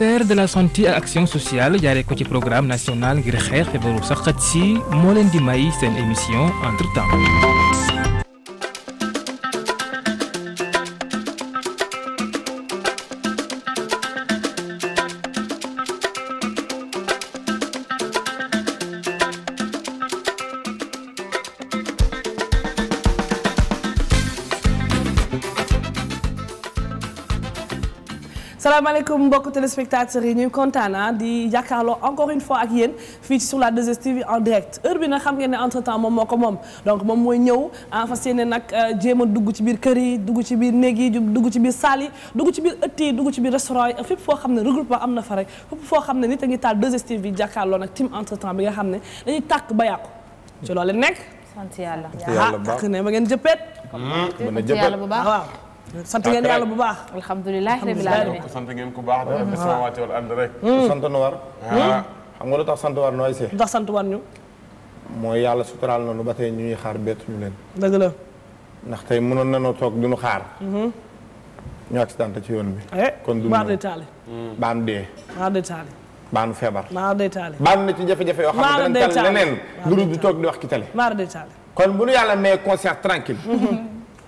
ministère de la santé ak action sociale jaaree ko ci programme national ngir xeex sa saxat si moo leen di may seen émission entre temps asalaamaaleykum mbokk téléspectateurs yi ñuy kontaan ah, di jàkkaarloo encore une fois ak yéen fii ci sur la 2STV en direct heure bi nag xam ngeen entre temps moom moo ko moom donc moom mooy ñëw en ah, fas yéene nag euh, jéem a dugg ci biir kër yi dugg ci biir néeg yi dugg ci biir salle yi dugg ci biir ëtt yi dugg ci biir restaurant yi fépp foo xam ne regroupement am na fa rek fépp foo xam ne nit a ngi taal 2STV jàkkaarloo nag team entre temps bi nga xam ne dañuy tàkk ba yàqu ci loolu nekk yàlla ah tàkk ne ba ngeen jëppeet. mën hmm, na jëppeet bu baax ah, waaw sant ngeen yàlla bu baax. alhamdulilah rabbil alamin sant ngeen ku baax. waaw waaw samaawaati wal ard rek. sant nu war. Mm. xam nga lu tax sant war nu ay see. ndax sant war ñu. mooy yàlla suturaal na nu ba tey ñuy xaar bettu ñu leen. dëgg la. ndax tey mënoon nañoo toog nu xaar. Mm-hmm. ñu accidenté ci yoon bi. Eh, kon du maa de taale. Mm. baanu dee. de taale. baanu feebar. maa de taale. baanu na ci jafe-jafe yoo xam ne danañ du toog di wax ci télé. de taale. kon bu nu yàlla may conscience tranquille mm-hmm.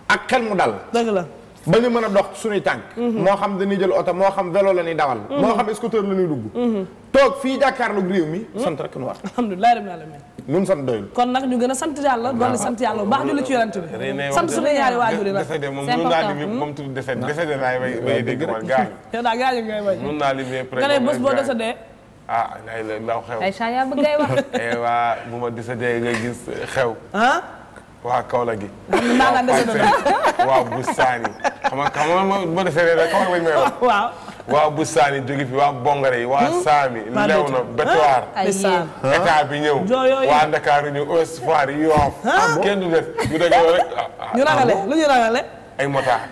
ak xel mu dal. la. ba ñu mën a dox suñuy tànk mhm. moo xam dañuy jël oto moo xam vélo la ñuy dawal mhm. moo xam scooter la ñuy dugg mhm. toog fii jàkkaarloog réew mi sant rek nu war alhamdulilah rabbil alamin nun sant doyul kon nag ñu gën a sant yàlla doon sant yàlla bu baax julli ci yonent bi sant suñu ñaari waajur yi nag defede moom mun naa lim yëpp moom tudd defede hmm? defede laay way way dégg man gaañu daa gaañu ngay way mun naa lim yëpp nga boo desedee ah, ngay eh nga gis xew waa Kaolack gi. waaw waaw bu saani xam nga xam nga boo defee bu saani jóge fi waa Bongare yi waa hmm? Saami. lew na Betuwaar. état bi ñëw. waa Ndakaaru ñëw Ouest Foire Yoff. Ah, kenn du def ah, ah, ñu dajoo rek. lu ñu ragale. ay motard.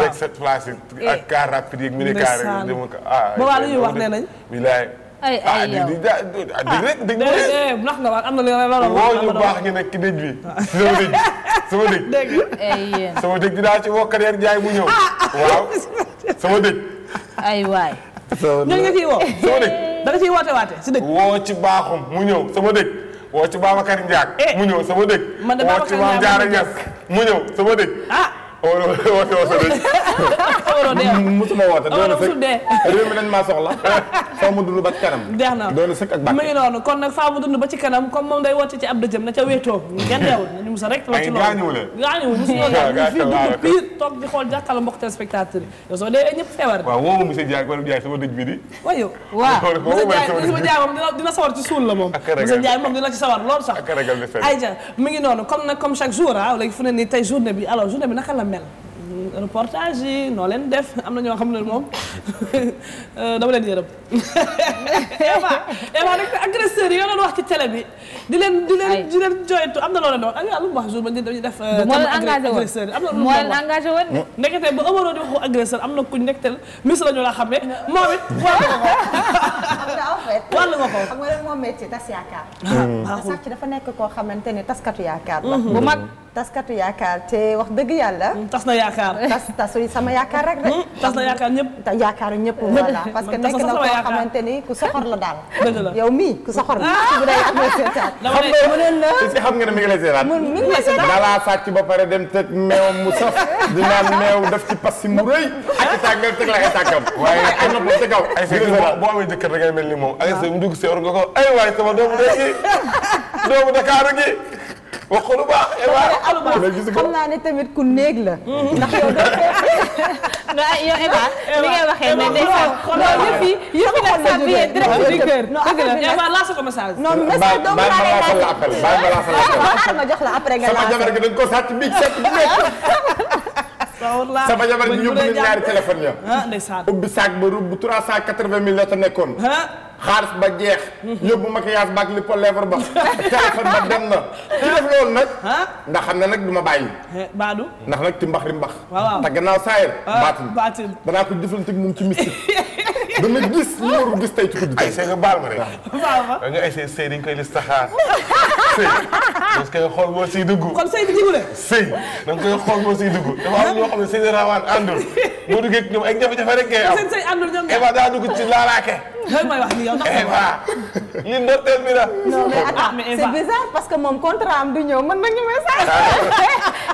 rek cette place yi ak car rapide yi ak ay ay ah, yow di rek di rek. Ah, ndax nga wax am na loolu ñu baax ñu nekk dëj bi. sama dëj sama dëj. sama dëj dinaa ci woo Kader Ndiaye mu ñëw. Ah, waaw sama dëj. ay waay. ñoo ngi ciy woo. sama dëj dana ciy woote waate si dëj. woo ci baaxum mu ñëw sama dëj. woo ci Babacar Ndiaye. Eh. mu ñëw sama dëj. man de Babacar Ndiaye woo ci Mame Diarra Niass mu ñëw sama dëj. ah. woote woote woote dëj. musuma woote. doon sëkk réew mi nañ maa soxla. faa mu dund ba ci kanam. jeex na doon sëkk ak bàq. mu ngi noonu kon nag faa mu dund ba ci kanam comme moom day woote ci ab dëjëm na ca wéetoo ngeen deewul ñu musa rek. ay gaañuwul gaañuwul musu ñoo gaañ fii dugg pire toog di xool jàkkaarlo mbokk téléspectateur yi yow soo dee ñëpp feebar. waaw woo ma monsieur Diagne wala Diagne sama dëj bi di. waaw yow waaw monsieur Diagne moom dina dina sawar ci suul la moom. ak monsieur Diagne moom dina ci sawar loolu sax. ak ragal mi ngi noonu comme nag comme chaque jour ah léegi fu ne nii tey journée bi alors journée bi naka la mel reportage yi noo leen def am na ñoo xam ne moom euh, dama leen yërëm Eva Eva nag agresseur yi yoo doon wax ci télé bi di leen di leen di leen joytu am na loo leen doon ak yàlla wax jour ba dañuy def euh, moo leen engagé agresseur yi am na moo leen engagé woon ndekete ba amaroo di waxu agresseur am na kuñ nekk mis la ñu la xamee moom it wàllu nga ko wàllu nga moom métier tas yaakaar sax ah, ci dafa nekk koo xamante ne taskatu yaakaar la mm-hmm. bu mag taskatu yaakaar te wax dëgg yàlla. Mm, tas na yaakaar tas tasu sama yaakaar rek rek. Mm, tas na yaakaar ñëpp. yaakaaru ñëpp voilà parce que nekk na koo xamante ni ku soxor la daal. dëgg la yow mii ku soxor la. bu dee yaa ngi lay seetaan. xam nga mënoon na xam nga ne mi ngi lay seetaan. mi ngi lay seetaan dalaa sàcc ba pare dem tëj meew mu saf. di naan meew def ci pas si mu rëy. ak i tàgg teg la ay tàggam. waaye ay nopp ci kaw. ay fekk boo boo amee jëkkër da ngay mel ni moom. waaw ay sa mu dugg si war nga ko ay waay sama doomu dëkk doomu Dakar gi waxu lu baax Eva xam naa ne tamit ku néeg la. ndax yow doo fee. yow Eva li ngay waxee ne day sax loolu yëpp yi yëpp yi nag sàmm yee direct du cœur. Eva lance ko message. non message doomu laa lay laaj la appel bàyyi ma lance la appel. waaw ma jox la après nga laaj sama jabar gi dañ ko sàcc biig sàcc bu nekk. sama jabar gi yóbbu na ñaari téléphone ya. Ah, ubbi saak ba rubb 380 000 la ta nekkoon. xaalis ba jeex. Mhm. yóbbu maquillage ba ak li po lèvre ba. téléphone ba dem na. ci def loolu nag. ndax xam ne nag du ma bàyyi. baadu ndax nag ci mbax ri mbax. waaw te gannaaw saayir. baatin ah, baatin danaa ko jëflanteeg moom ci mystique. dana gis li warul gis tey ci guddi. ay sëñ nga baal ma rek. baal ma nga ay sëy sëy dañ koy listaxaar. sëy parce que xool moo siy dugg. kon sëy bi dugg la. sëy da nga koy xool moo siy dugg. dafa am ñoo xam ne seen rawaan àndul. boo duggee ñoom ay jafe-jafe rek ngay am. seen sëy àndul ñoom daa dugg ci laalaake loolu mooy wax ni yow. Eva yi ndorteel bi la. parce que moom contrat am du ñëw mën na ñu message.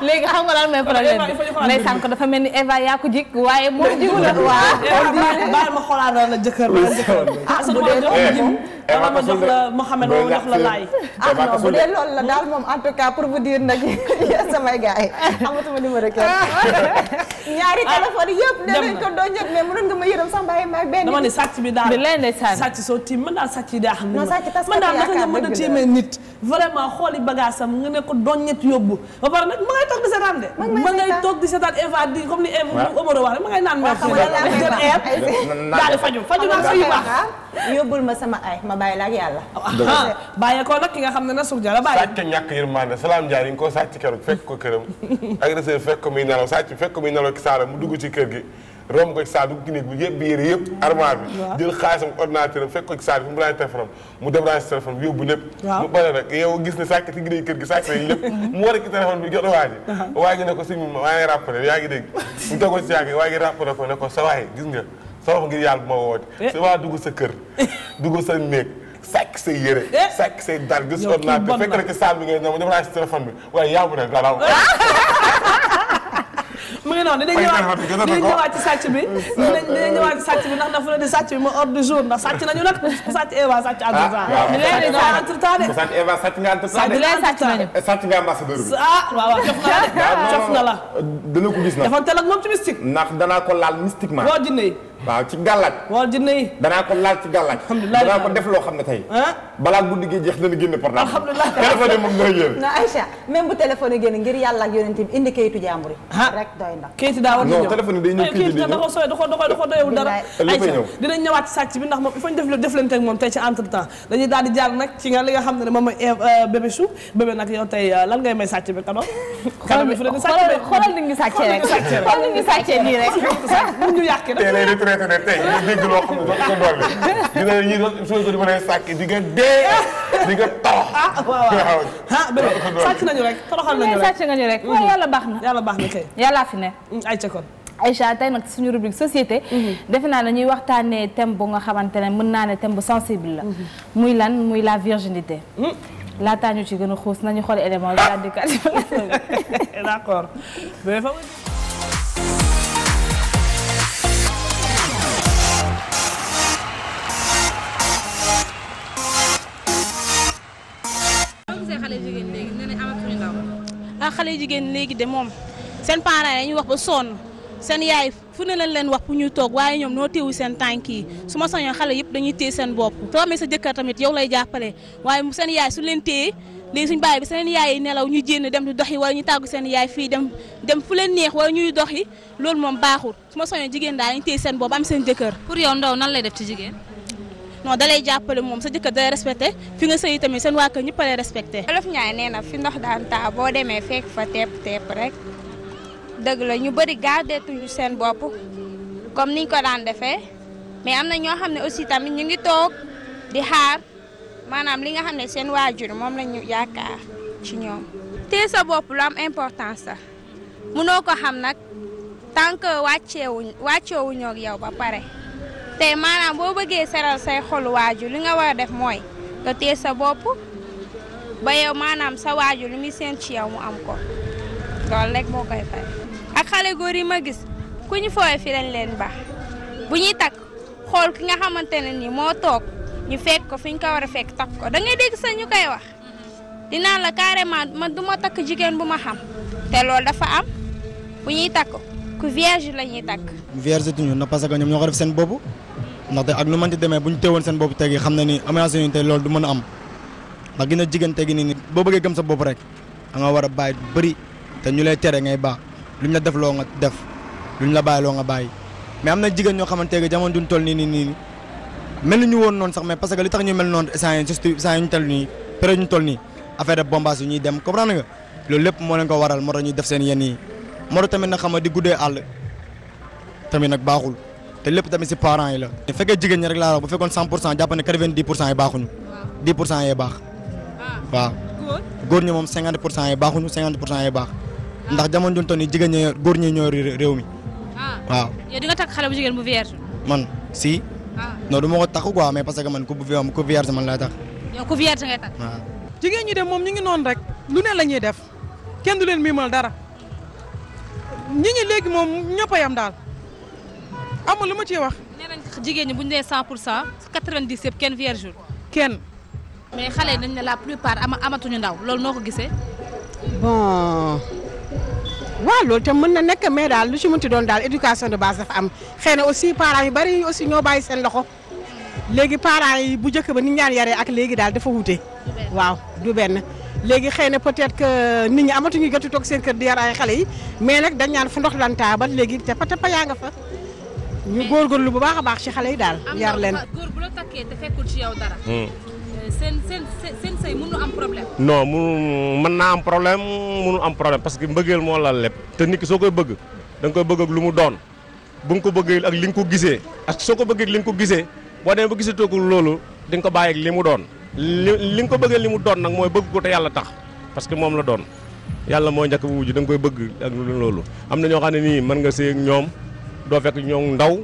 léegi xam nga lan mooy problème bi mais sànq mel ni Eva yaa ko jik waaye moom jiwu la. waaw baal ma xoolaat la jëkkër la jëkkër. ah bu dee dana ma jox la Mouhamed wala jox la laay. ah non bu dee loolu la daal moom en tout cas pour vous dire nag yéen samay gars yi amatuma numéro kenn. ñaari ah, téléphone yëpp nee nañ ko doon jot mais mënoon nga ma yërëm sax bàyyi ma benn. dama ne sàcc bi daal bi lenn sàcc soo tiim man daal sàcc daa xam. non sàcc tas ko yaakaar dëgg la man daal naka nga mën a tiimee nit. vraiment xool i nga ne ko doññet yóbbu ba pare nag ma ngay toog di seetaan de ma ngay toog di seetaan Eva di comme ni Eva Omaro wax rek ma ngay naan ma jël air daal di faju faju naa suyu baax yóbbul ma sama ay ma bàyyi la ak yàlla ah, ah, bàyyee ko nag ki nga xam ne na suuf jara bàyyi sàcc ñàkk yërmande salaam Ndiaye yi nga ko sàcc keroog fekk ko këram agresseur fekk ko muy nelaw sàcc fekk ko muy nelaw ki saara mu dugg ci kër gi romb ko ci saal dugg ci néeg bi yëpp bi yére yëpp armoire bi jël xaalisam ordinateur am fekk ko ci saal bi mu branché téléphone mu débranché téléphone bi yóbbu lépp mu bare nag yow gis ne sàcc ci ginnaaw kër gi sàcc nañ lépp mu war a bi jox waa ji ko suñu maa ngi rappelé yaa ngi dégg mu toog ci yàgg waa ko ne ko sa waay gis nga sa wax ngir yàlla bu ma woote eh. sa waa dugg sa kër dugg sa néeg sàkk say yére eh. sàkk say dal gis ordinateur fekk rek ci saal bi nga ne ma si téléphone bi waaye yaabu ne mu ngi noonu dinañ ñëwaat dinañ ñëwaat ci sàcc bi dinañ dinañ ñëwaat ci sàcc bi ndax dafa ne di sàcc bi ma ordre du jour ndax sàcc nañu nag sàcc Eva sàcc ah, entretemps sàcc Eva sàcc nga entretemps de eh, sàcc nga ambassadeur bi ah waaw waaw cof na la cof ah, na la euh, dana ko gis na dafa tel ak moom ci mystique ndax danaa ko laal mystiquement woo jinne yi waaw ci gàllaaj woo jinne yi danaa ko laal ci gàllaaj danaa ko def loo xam ne tey ah? balaa guddi gi jeex dana génne portable. alhamdulilah téléphone moom na. kayitu ah. daa war di ñëw ndax moom il faut ñu def deflante ak moom tey ci entre temps dañuy tey lan ngay may sàcc bi kado. tey lay dégg loo ko dolli. ñu ne dee di nga torox. ah waaw waaw ah bébé nañu rek toroxal nañu nañu rek. waaw yàlla baax na yàlla baax na kay. yàllaa fi ne. Mm, ayca kon. Aïcha nag suñu rubrique société. Mm-hmm. defe naa ne ñuy waxtaanee thème bu nga xamante ne mën naa ne thème bu sensible la. Mm-hmm. muy lan muy la virginité. Mm. laataa ñu ci gën a xuus nañu xool élément bi daal d'accord. ndax ah, xale yi jigéen léegi de moom seen parents yi ñu wax ba sonn seen yaay fu ne lañ leen wax pour ñu toog waaye ñoom noo téewu seen tànk yi su ma sañoon xale yëpp dañuy téye seen bopp soo amee sa jëkkër tamit yow lay jàppale waaye seen yaay su leen téye léegi suñ bàyyi bi seen yaay yi nelaw ñu jénn dem di yi wala ñu tàggu seen yaay fii dem dem fu leen neex wala ñuy dox yi loolu moom baaxul su ma soñoon jigéen daal dañu téye seen bopp am seen jëkkër pour yow ndaw nan lay def ci jigéen non dalay jàppale moom sa jëkkër dalay respecté fi nga sëyi tamit seen waa kër ñëpp lay respecté. olof ñaay nee fi ndox daan taa boo demee fekk fa tepp tepp rek dëgg la ñu bëri gardeetuñu seen bopp comme niñ ko daan defee mais am na ñoo xam ne aussi tamit ñu ngi toog di xaar maanaam li nga xam ne seen waajur moom la ñu yaakaar ci ñoom. tee sa bopp lu am importance sax munoo ko xam nag tant que wàcceewuñ wàcceewuñoo yow ba pare. tey maanaam boo bëggee seral say xolu waajur li nga war def mooy nga téye sa bopp ba yow maanaam sa waajur lu muy seen ci yow mu am ko loolu rek moo koy fay. ak xale góor yi ma gis ku ñu fooy fi lañ leen baax bu ñuy takk xool ki nga xamante ne nii moo toog ñu fekk ko fi ñu ko war a fekk takk ko da ngay dégg sa ñu koy wax dinaa la carrément man du takk jigéen bu ma xam te loolu dafa am bu ñuy takk ku vierge la ñuy takk. vierge tuñu na parce que ñoom ñoo ko seen bopp. ndaxte ak nu manti demee bu ñu teewoon seen bopp tegi xam na ni aménagé ñu tey loolu du mën a am ndax gën a jigéen tegi ni ni boo bëggee gëm sa bopp rek da nga war a bàyyi bëri te ñu lay tere ngay baax lu luñ la def loo nga def luñ la bàyyi loo nga bàyyi mais am na jigéen ñoo xamante ne jamono duñ toll nii nii nii mel ñu woon noon sax mais parce que li tax ñu mel noon saa yi juste saa yi ñu toll nii période ñu toll nii affaire de bombas ñuy dem comprendre nga loolu lépp moo leen ko waral moo tax ñuy def seen yenn moo tamit nag xam nga di guddee àll nag baaxul te lépp tamit si parents yi la. bu fekkee jigéen ñi rek laa wax bu fekkoon 100 pour cent jàpp ne 90 pour pour cent yee baax. Ah. waaw góor góor moom 50 pour cent yi baaxuñu 50 pour cent yee baax. ndax jamono jooju toll nii jigéen ñi góor ñi ñoo réew mi. Ah. waaw yow di nga takk xale bu jigéen bu vierge. man si. Ah. non du ma ko takk quoi mais parce que man ku bu ku vierge man laa takk. yow ku vierge ngay takk. waaw. jigéen ñi de moom ñu ngi noonu rek lu ne la ñuy def kenn du leen miimal dara ñi ñi léegi moom ñëpp yam daal. amul lu ma ciy wax. nee nañ jigéen ñi bu ñu nee cent pour cent 90 yëpp kenn vierge kenn. mais xale yi dañ ne la plupart ama amatuñu ndaw loolu noo ko gisee. bon waaw lool te mën na nekk mais daal lu ci mënti doon daal éducation de base dafa am xëy na aussi parents yu bari aussi ñoo bàyyi seen loxo léegi parent yi bu njëkk ba ni ñaan yare ak léegi daal dafa wute. waaw du benn. léegi xëy na peut-être que nit ñi amatuñu jotu toog seen kër di yar ay xale yi mais nag dañ ñaan fu ndox daan taa ba te fa te yaa nga fa. ñu góorgóorlu bu baax a baax ci xale yi daal. yar leen góor bu hmm. euh, mën naa am problème mënu am problème parce que mbëggeel moo la lépp te nit soo koy bëgg da nga koy bëgg ak lu mu doon bu nga ko bëggee ak li nga ko gisee ak soo ko bëggee li nga ko gisee boo ba gisatoo ko loolu di ko bàyyi li mu doon. li li nga ko bëggee li mu doon nag mooy bëgg ko te yàlla tax parce que moom la doon yàlla moo njëkk bu wujj da nga koy bëgg ak loolu am na ñoo xam ne nii mën nga sëy ak ñoom. doo fekk ñoom ndaw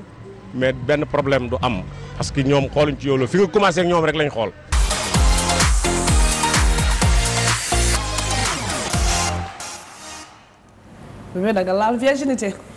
mais benn problème du am parce que ñoom xooluñ ci yow la fi nga commencé ak ñoom rek lañ xool. bu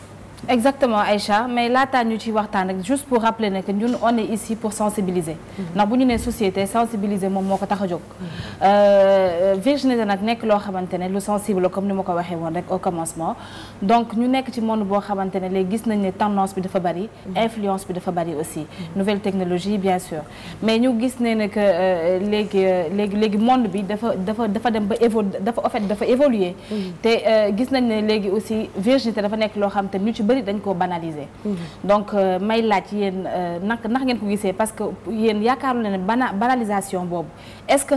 exactement Aïcha mais laataa ñu ci waxtaan rek juste pour rappeler ne que ñun on est ici mhm. bu ñu nee société sensibiliser moom moo ko tax a jóg. Mhm. Euh, virginité nag nekk loo xamante ne lu sensible comme ni ma ko waxee woon rek au commencement donc ñu nekk ci monde boo xamante ne léegi gis nañ ne tennonce bi dafa bari. Mhm. influence bi dafa bari aussi. nouvelle technologie bien sûr mais ñu gis ne ne que euh, léegi euh, léegi léegi monde bi dafa dafa dafa dem ba évo dafa en dafa évoluer. te gis nañ ne léegi aussi virginité nekk loo xamante bëri dañ koo banaliser. Mhm. donc euh, may laaj yéen euh, naka nax ngeen ko gisee parce que yéen yaakaaru leen bana banalisation boobu est-ce que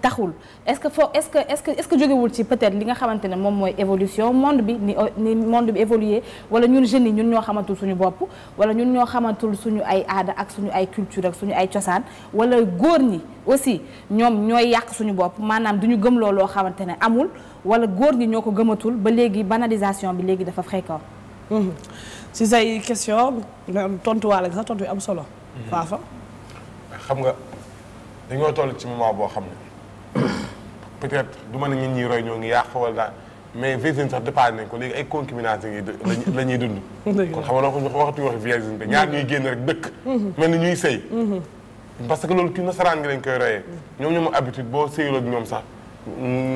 taxul est-ce que foo est-ce que est-ce que est-ce que jógewul ci peut-être li nga xamante ne moom mooy évolution monde bi ni ni monde bi évolué wala ñun jeunes yi ñun ñoo xamantul suñu bopp wala ñun ñoo xamantul suñu ay aada ak suñu ay culture ak suñu ay cosaan wala góor ñi aussi ñoom ñooy yàq suñu bopp maanaam duñu gëm looloo xamante ne amul wala góor ñi ñoo ko gëmatul ba léegi banalisation bi léegi dafa fréquent Mm-hmm. si say question tontuwaale nga sax tontu yu am solo. Mm-hmm. faafa. xam nga dañoo toll ci moment boo xam ne peut-être du ma ne ñun ñuy roy ñoo ngi yàq wala daal mais virginité sax dépassé nañ ko léegi ay concubinage la ñuy dund. kon xam nga waxatuñu wax virginité ñaar ñuy génn rek dëkk. Mm-hmm. mel ni ñuy sëy. parce que loolu kii nasaraan gi lañ koy royee. ñoom ñoo ma habitude boo sëyuloo ak ñoom sax.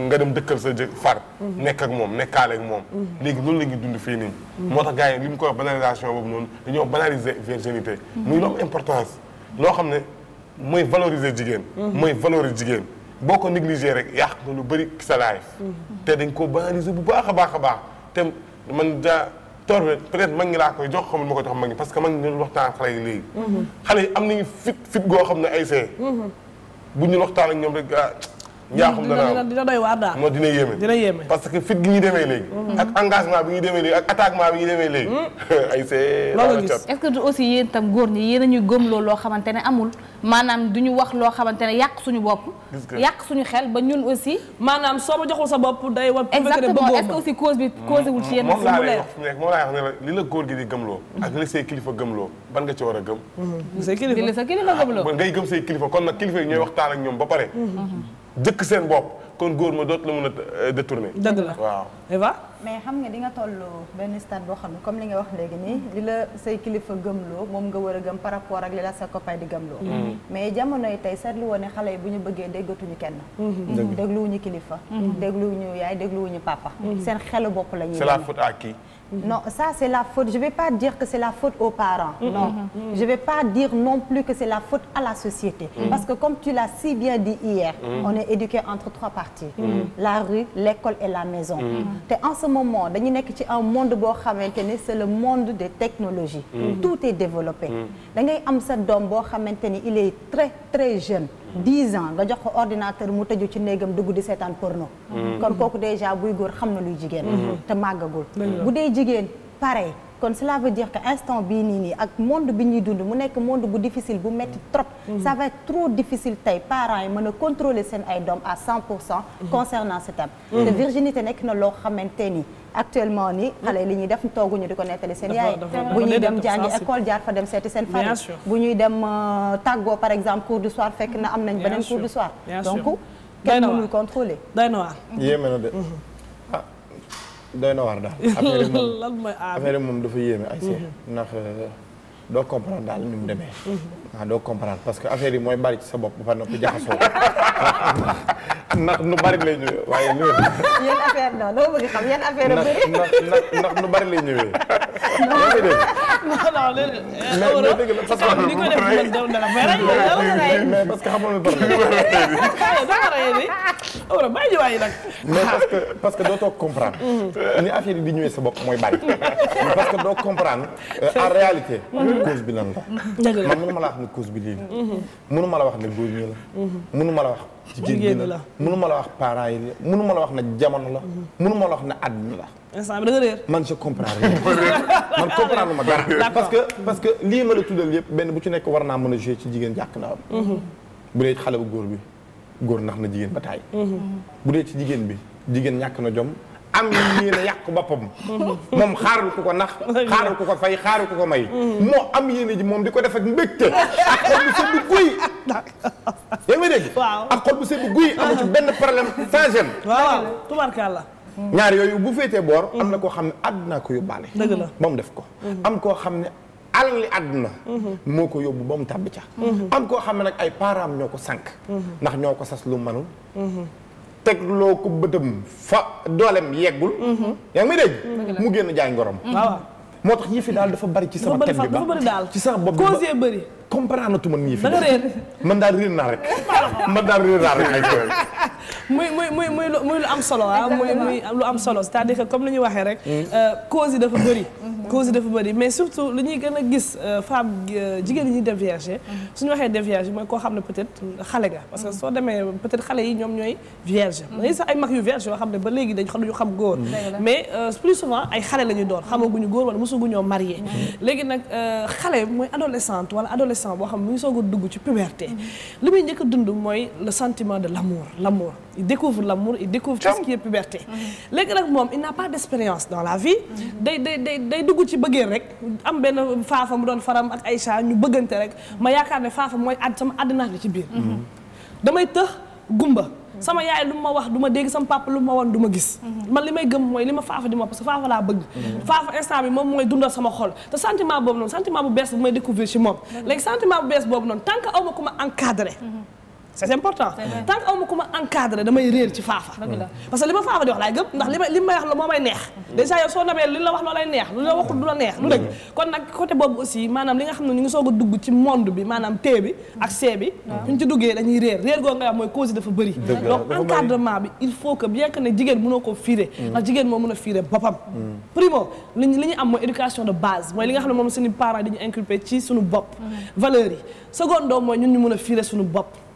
nga dem dëkkal sa jë far. nekk ak moom nekkaale moom. léegi loolu la ñuy dund fii nii. moo tax gars yi li mu ko wax banalisation boobu noonu dañoo wax banaliser virginité. muy lu am importance. loo xam ne mooy valoriser jigéen. mooy valoriser jigéen boo ko négligé rek yàq nga lu bëri sa life. te dañ koo banaliser bu baax a baax a baax te man daa toor bi peut-être mag ñi laa koy jox xamul ma ko jox mag ñi parce que mag ñi dañu waxtaan xale yi mhm. yi am nañu fit fit goo xam ne ay see. Mhm. bu ñu waxtaan ak ñoom rek ah, njaaxum dana dina doy waar daal moo dina yéeme dina yéeme parce que fit gi ñuy demee léegi mm-hmm. ak engagement bi ñuy demee léegi ak attaquement bi ñuy demee léegi mm-hmm. ay see loolu gis est-ce que du aussi ñi yéen a ñuy gëmloo loo xamante ne amul maanaam du ñu wax loo xamante ne yàq suñu bopp yàq suñu xel ba ñun aussi maanaam soo ma joxul sa bopp day wa exactement est-ce que aussi cause bi mm-hmm. causé wul ci yéen moom laa moom laa wax ne li la góor gi di gëmloo ak li say kilifa gëmloo ban nga ci war a gëm say kilifa ah, ngay gëm say kilifa kon nag kilifa yi ñooy waxtaan ak ñoom ba pare jëkk seen bopp kon góor ma doot la mën a euh, détourner. dëgg mais xam nga di nga toll benn stade boo xam ne comme li nga wax léegi nii li la say kilifa loo moom nga war a gëm par rapport ak li la sa copain di gëmloo. Mm-hmm. Mm-hmm. mais jamono yi tey seetlu woon ne xale yi bu ñu bëggee déggatuñu kenn. Mm-hmm. dégluwuñu kilifa. dégluwuñu yaay dégluwuñu papa. seen xelu bopp la ñuy. c'est la faute à qui Mm-hmm. non ça c'est la faute je vais pas dire que c'est la faute aux parents mm-hmm. non mm-hmm. je vais pas dire non plus que c'est la faute à la société parce que comme tu l'as si bien dit hier on est éduqué entre trois parties la rue l'école et la maison te en ce moment dañu nekk ci un monde boo xamante ni c'est le monde des technologies tout est développé da ngay am sa doom boo xamante ni il est très très jeune dix ans nga jox ko ordinateur mu tëju ci néegam dugg di seetaan porno mm. kon kooku déjà buy góor xam na luy jigéen mm-hmm. te màggagul bu dee jigéen pareil kon cela veut dire que instant bii nii nii ak monde bi ñuy dund mu nekk monde bu difficile bu metti trop mm-hmm. ça va être trop difficile tey parents yi mën a contrôler seen ay doom à 100 pour cent mm-hmm. concernant ce thème mm-hmm. te virginité nekk na loo xamante ni actuellement nii xale li ñuy def tooguñu di ko nettali seen yaay bu ñuy dem jàngi école jaar fa dem seeti seen famille bu ñuy dem euh, tàggoo par exemple cours du soir fekk na am nañ beneen cours du soir donc doy na waar daal. affaire moom affaire moom dafa yéeme. ay mhm. euh, doo comprendre daal ni mu demee. Mhm. waaw doo comprendre parce que affaire yi mooy bari ci sa bopp ba pare noppi jaxasoo ndax nu bari lay ñëwee waaye ñëwee. yan affaire non loo bëgg lay ñëwee. non la parce que. ni ko def que bi. nag. parce que doo toog comprendre. Mm-hmm. ni affaire yi di ñëwee sa bopp mooy bari. parce que doo comprendre euh, en réalité. Mm-hmm. cause bi lan la. dëgg ne cause mhm. ma la wax ne góor ñi la mhm. mënu ma la wax jigéen ñi la mënu ma la wax parents yi la mënu ma la wax ne jamono la mhm. mënu ma la wax ne àdduna la instant bi da nga man je comprends ma dara parce que lii ma la tuddal yëpp benn bu ci nekk war naa mën a jouer ci jigéen jàkk na am bu dee xale bu góor bi góor nax na jigéen ba taay bu dee ci jigéen bi jigéen ñàkk na jom am yéene yàq boppam moom xaar ku ko nax xaarul ku ko fay xaarul ku ko may moo am yéene ji moom di ko def ak mbégte ak xol bu sedd guy yaa ngi ak xol bu sedd guy amu ci benn problème sans gêne waaw tubarkàlla ñaar yooyu bu féetee boor am na koo xam ne àdduna ko yóbbaale dëgg ba mu def ko am koo xam ne alali àdduna moo ko yóbbu ba mu tàbbi ca uhuh. am koo xam ne nag ay parents ñoo ko sànq uhuh. ndax ñoo ko sas lu manul tegloo ko bëtam fa dooleem yeggul. Mhm. yaa ngi may mu génn jaay ngorom. Mhm. moo tax yëfi daal dafa bari ci sama thème bi ba ci sax bopp bi ba na tu ma nii fi. man daal réer naa rek. man daal réer naa rek muy muy muy muy lu muy am solo ah muy muy lu am solo c'est-à-dire que comme li ñu waxee rek mm. euh, cause yi dafa bëri mm-hmm. cause yi dafa bëri mais surtout lu ñuy gën a gis euh, femme euh, jigéen ñi déviagé mm-hmm. suñu waxee déviagé mooy koo xam ne peut xale nga parce que mm-hmm. soo demee peut-être xale yi ñoom ñooy vierge dañuy sax ay mag yu vierge yoo xam ne ba léegi dañ xam duñu xam góor mais plus souvent ay xale la ñu doon xamaguñu góor wala mosuguñoo marié léegi nag xale mooy adolescente wala adolescent boo xam mu ngi soog dugg ci puberté li muy njëkk a dund mooy le sentiment de l'amour l'amour il découvre l'amour il découvre tout ce qui puberté léegi nag moom il n'a pas d'expérience dans la vie day day day day dugg ci bëggee rek am benn faafa mu doon faram ak Aïcha ñu bëggante rek ma yaakaar ne faafa mooy àdd sama àddinaa bi ci biir damay tëx gumba sama yaay lu ma wax du ma dégg sama papa lu ma woon du ma gis man li may gëm mooy li ma faafa di ma parce faafa laa bëgg faafa instant bi moom mooy dundal sama xol te sentiment boobu noonu sentiment bu bees bu may découvrir ci moom léegi sentiment bu bees boobu noonu tant que aw ma ku ma c'est important tant que aw ma ku ma encadré damay réer ci faafa parce que li ma faafa di wax laay gëm ndax li ma li may wax la moo may neex déjà yow soo namee li la wax loo lay neex lu la waxul du la neex lu dëgg kon nag côté boobu aussi maanaam li nga xam ne ñu ngi soo a dugg ci monde bi maanaam T bi ak C bi ñu ci duggee dañuy réer réer goo nga wax mooy cause dafa bëri donc encadrement bi il faut que bien que ne jigéen mënoo koo fiire mm. ndax jigéen moo mën a mm. ñu am mooy éducation de mooy li nga xam ne moom suñu parents dañu inculpé ci suñu bopp mm. valeurs yi secondo mooy ñun ñu mën a fiire suñu bopp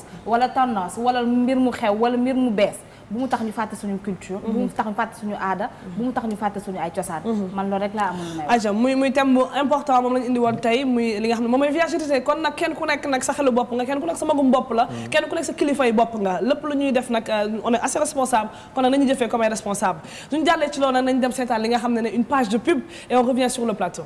mouvance wala tendance wala mbir mu xew wala mbir mu bees bu mu tax ñu fàtte suñu culture. bu mu tax ñu fàtte suñu aada. bu mu tax ñu fàtte suñu ay cosaan. Mhm. man loolu rek laa amoon may muy muy thème important moom lañu indi woon tey muy li nga xam ne moom mooy virginité kon nag kenn ku nekk nag sa xelu bopp nga kenn ku nekk sa mhm. ku nekk sa kilifay bopp nga lépp lu ñuy def nag euh, on est assez responsable kon nag nañu jëfee comme ay responsable suñu jàllee ci loolu nag nañu dem seetaan li nga xam ne ne une page de pub et on revient sur le plateau.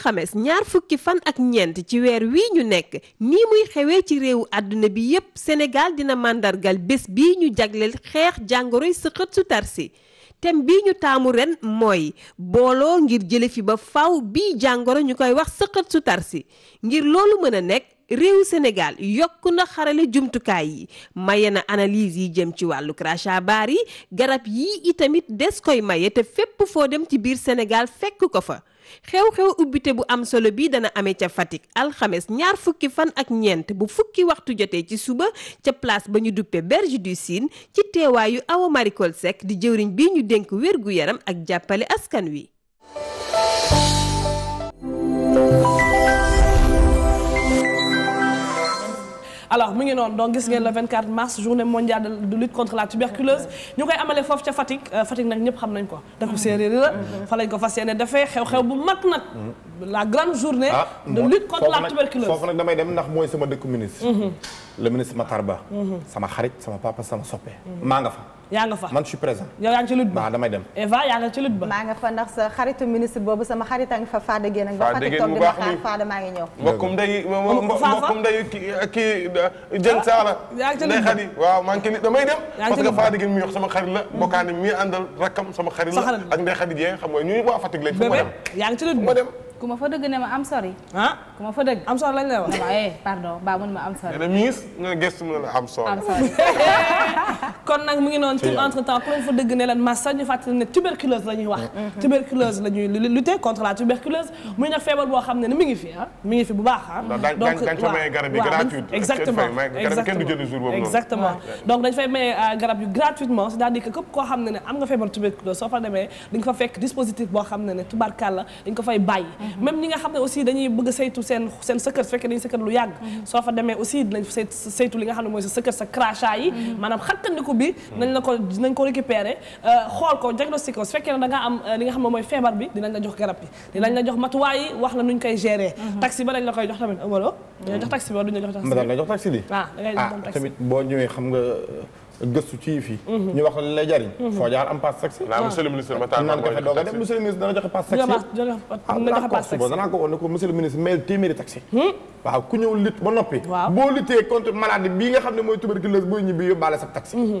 xamees ñaar fukki fan ak ñeent ci weer wii ñu nekk nii muy xewee ci réewu àdduna bi yépp Sénégal dina màndargal bés bii ñu jagleel xeex jàngoro sëqët su tarsi thème bii ñu taamu ren mooy booloo ngir jële fi ba faw bii jàngoro ñu koy wax sëqët su tarsi ngir loolu mën a nekk réewu Sénégal yokk na xarale jumtukaay yi maye na analyse yi jëm ci wàllu crachat baar yi garab yi itamit des koy maye te fépp foo dem ci biir Sénégal fekk ko fa xew-xew ubbite bu am solo bi dana amee ca Fatick alxemes ñaar fukki fan ak ñeent bu fukki waxtu jotee ci suba ca place ba ñu duppe berge du siin ci teewaayu Awa Marie Coll di jëwriñ bi ñu dénk wér yaram ak jàppale askan wi alors mu ngi noonu donc gis ngeen le 24 mars journée mondiale de lutte contre la tuberculose ñu koy amalee foofu ca Fatick euh, Fatick nag ñëpp xam nañ ko dëkku séeréer la fa lañ ko fas yéene defee xew-xew bu mag nag la grande journée ah, de lutte contre la tuberculose foofu nag damay dem ndax mooy sama dëkku ministre mhm. le ministre Matar Ba mhm. sama xarit sama papa sama soppee mhm. maa nga fa yaa nga fa man je suis présent. yow yaa ngi ci lutte ba waaw damay dem. Eva yaa nga ci lutte ba. maa nga fa ndax sa xaritu ministre boobu sama xarit a ngi fa Fade Gueye nag. Fade Gueye mu baax mi Fade maa ngi ñëw. mbokkum day mbokkum day kii jën saala. yaa ngi ci mi wax sama xarit la. Mm-hmm. bokkaane mi àndal rakkam sama xarit dem. ku ma fa dëgg ne ma am sori. ah ku ma fa dëgg. am sori lañ wax. mu ne la am kon nag mu ngi noonu ci entre temps ku ma dëgg ne massa ñu fàttali ne tuberculose la ñuy wax. Mm-hmm. Mm-hmm. tuberculose la ñuy contre la tuberculose. muy nag feebar boo xam ne mi ngi fi ah mi ngi fi bu baax ah. donc waaw dañ dañ maye garab yi gratuit. exactement exactement donc dañ fay maye euh, garab yu gratuitement c'est-à-dire que koo xam ne ne am nga feebar tuberculose soo fa demee dañ fa fekk dispositif boo xam ne ne ko fay bàyyi Mm-hmm. même ñi nga xam ne aussi dañuy bëgg saytu seen sëkkër su fekkee dañuy sëkkër lu yàgg mm-hmm. soo fa demee aussi dinañ saytu li nga xam ne mooy sa sëkkër sa crachat yi mm-hmm. maanaam xattandiku bi nañ la ko dinañ ko récupérer euh, xool ko diagnostic ko su fekkee ne da am euh, li nga xam ne mooy feebar bi dinañ la jox garab bi dinañ la jox matuwaay yi wax la nuñ koy gérer taxi ba dañ la koy jox tamit amalo dañ la jox taxi bi boo ñëwee xam nga gëstu ci fii mhm. ñu wax la li lay jariñ mhm. foo am passe sexe naan monsieur le ministre ah. dooga dem monsieur le joxe passe sexe ah, suba danaa ko woon ne ko monsieur le téeméeri taxi hmm? waaw ku ñëw lit ba noppi boo littee contre maladie bii nga xam ne mooy tuberculose booy ñibbi yóbbaale sa taxi mhm.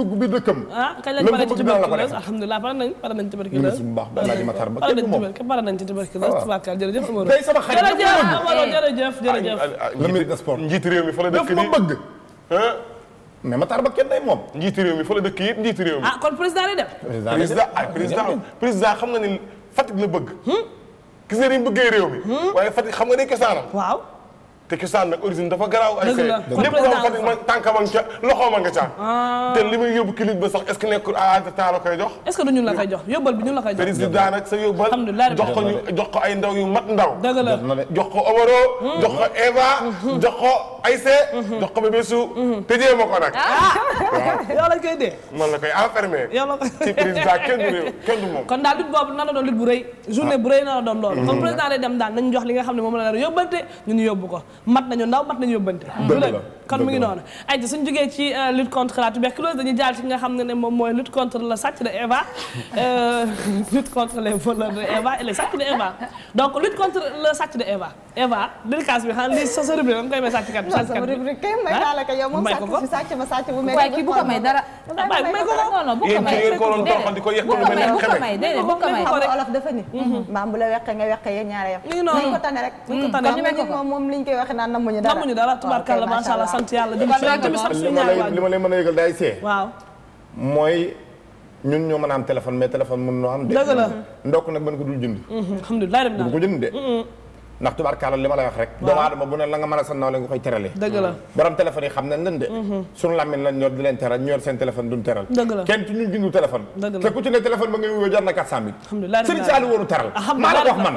dugg biir dëkkam. ah kañ lañ pare ci tuberculose alhamdulilah pare nañ pare nañ ci tuberculose. ñu baax ba Alaaji Matar Ba kenn moom pare nañ ci tuberculose. Ah. tubaarkaal jërëjëf Amadou. tey sama xarit jërëjëf jërëjëf ah, ah, le ministre sport njiit réew mi fa la dëkk nii daf ma bëgg. mais Matar Ba kenn day moom. njiitu réew mi fa la dëkk yëpp njiitu réew mi. ah kon président lay def. président ay président président xam nga ni Fatick la bëgg. Hmm? gis nga ni mu bëggee réew mi. Hmm? waaye Fatick xam nga day cosaanam. waaw te cosaan nag origine dafa garaaw. ay fee lépp loo xam ne tànka ma nga ca loxo ma nga ca. te li muy yóbbu clinique ba sax est ce que nekkul à taala koy jox. est ce que du ñu la koy jox yóbbal bi ñu la koy jox. président nag sa yóbbal jox ko ñu jox ko ay ndaw yu mat ndaw. dëgg la jox ko Omaro. Hmm. jox ko Eva. Hmm. jox ko Aïssé. Hmm. jox ko Bébé Sou. tëjee ma ko nag. Ah. waaw yow la koy dee. man la koy enfermer. yow la koy ci président kenn du réew kenn du moom. kon daal lutte boobu nan la doon lutte bu rëy. journée ah. bu rëy nan la doon lool. kon président day dem daal nañu jox li nga xam ne moom la yóbbante ñu yóbbu ko mat nañu ndaw mat nañu yóbbante mu ngi noonu ayca suñ jógee ci euh, lutte contre la tuberculose dañuy jàll ci nga xam ne ne moom mooy lutte contre le sàcc euh, de Eva Eva et bi xam li sa sa rubrique nga koy may sàcc si ma sàcc bu may kii bu may dara bu ah, may ko non non bu ko may yéen ko doon toxal di ko yekk lu mel bu ko may déedéet bu ko may xam nga olof dafa ni mbaam mhm. bu la weqee nga weqee yéen ñaar yam mi ngi noonu waxee naan namuñu dara namuñu dara tubaarkàlla macha allah sant li ma lay mën a yëgal day mooy ñun ñoo mën a am téléphone mais téléphone mën noo am de dëgg ndokk nag mën ko dul jënd mm-hmm. alhamdulilah naa ko jënd de ndax tubaarkaala li ma lay wax rek doomu aadama bu ne la nga a sa nawle nga koy terale dëgg la mm-hmm. borom téléphone yi xam nañ leen de mm-hmm. suñu làmmiñ lañ leen teral ñu yor seen téléphone duñ teral la kenn ci ñu bindu téléphone ku ci ne téléphone ba ngay wuyoo jar na 400 mille alhamdulilah sëriñ Saali woonu teral maa la wax man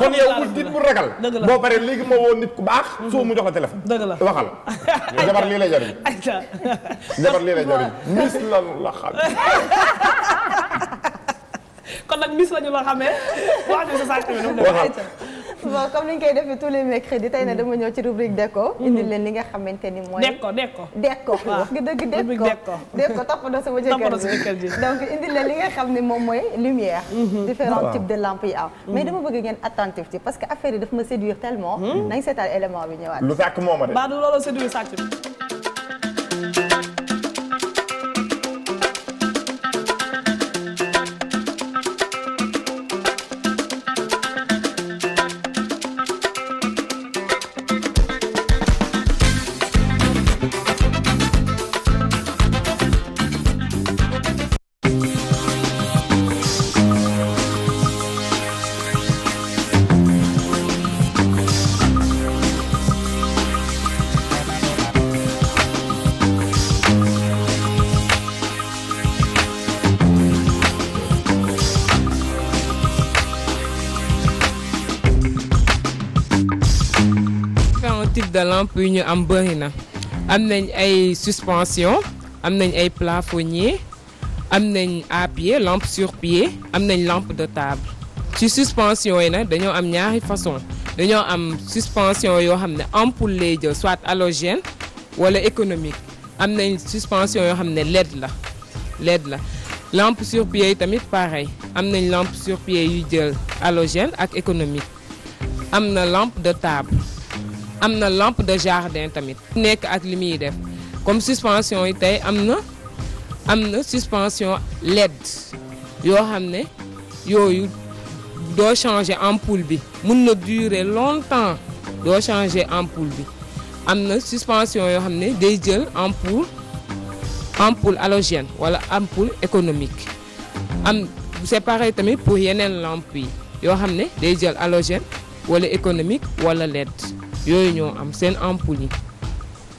kon yow bu nit bu ragal boo paree léegi moo woo nit ku baax mm-hmm. soo mu jox la waxal jabar lii lay jariñ mis la la xam kon nag bis la la xamee. waaw bon comme ni ñu koy defee tous les mercredis tey na mm. dama ñëw ci rubrique déco. Mm-hmm. indil leen li nga xamante ni mooy. déco déco déco wax nga dëgg déco déco. déco toppandoo sama jëkkër ji donc indil leen li nga xam ne moom mooy lumière. Mm-hmm. différents types de lampes yi am. mais mm-hmm. dama bëgg ngeen attentif ci parce que affaire yi daf ma séduire tellement. nañ seetaan élément bi ñëwaat. lu sàkk moom a de. Badou loolu séduire sàcc bi. exemple yu ñu am bëri na am nañ ay suspension am nañ ay plafonnier am nañ à pied lampe sur pied am nañ lampe de table ci suspension yi nag dañoo am ñaari façon dañoo am suspension yoo xam ne ampoule lay jël soit halogène wala économique am nañ suspension yoo xam ne LED la LED la lampe sur pied yi tamit pareil am nañ lampe sur pied yu jël halogène ak économique am na lampe de table am na lamp de jardin tamit nekk ak li muy def comme suspension yi tey am na am na suspension LED yoo xam ne yooyu doo changer ampoule bi mun na durer longtemps doo changer ampoule bi am na suspension yoo xam ne day jël ampoule ampoule halogène wala ampoule économique am c'est pareil tamit pour yeneen lampe yi yoo xam ne day jël halogène wala économique wala LED yooyu ñoo am seen ampoule yi.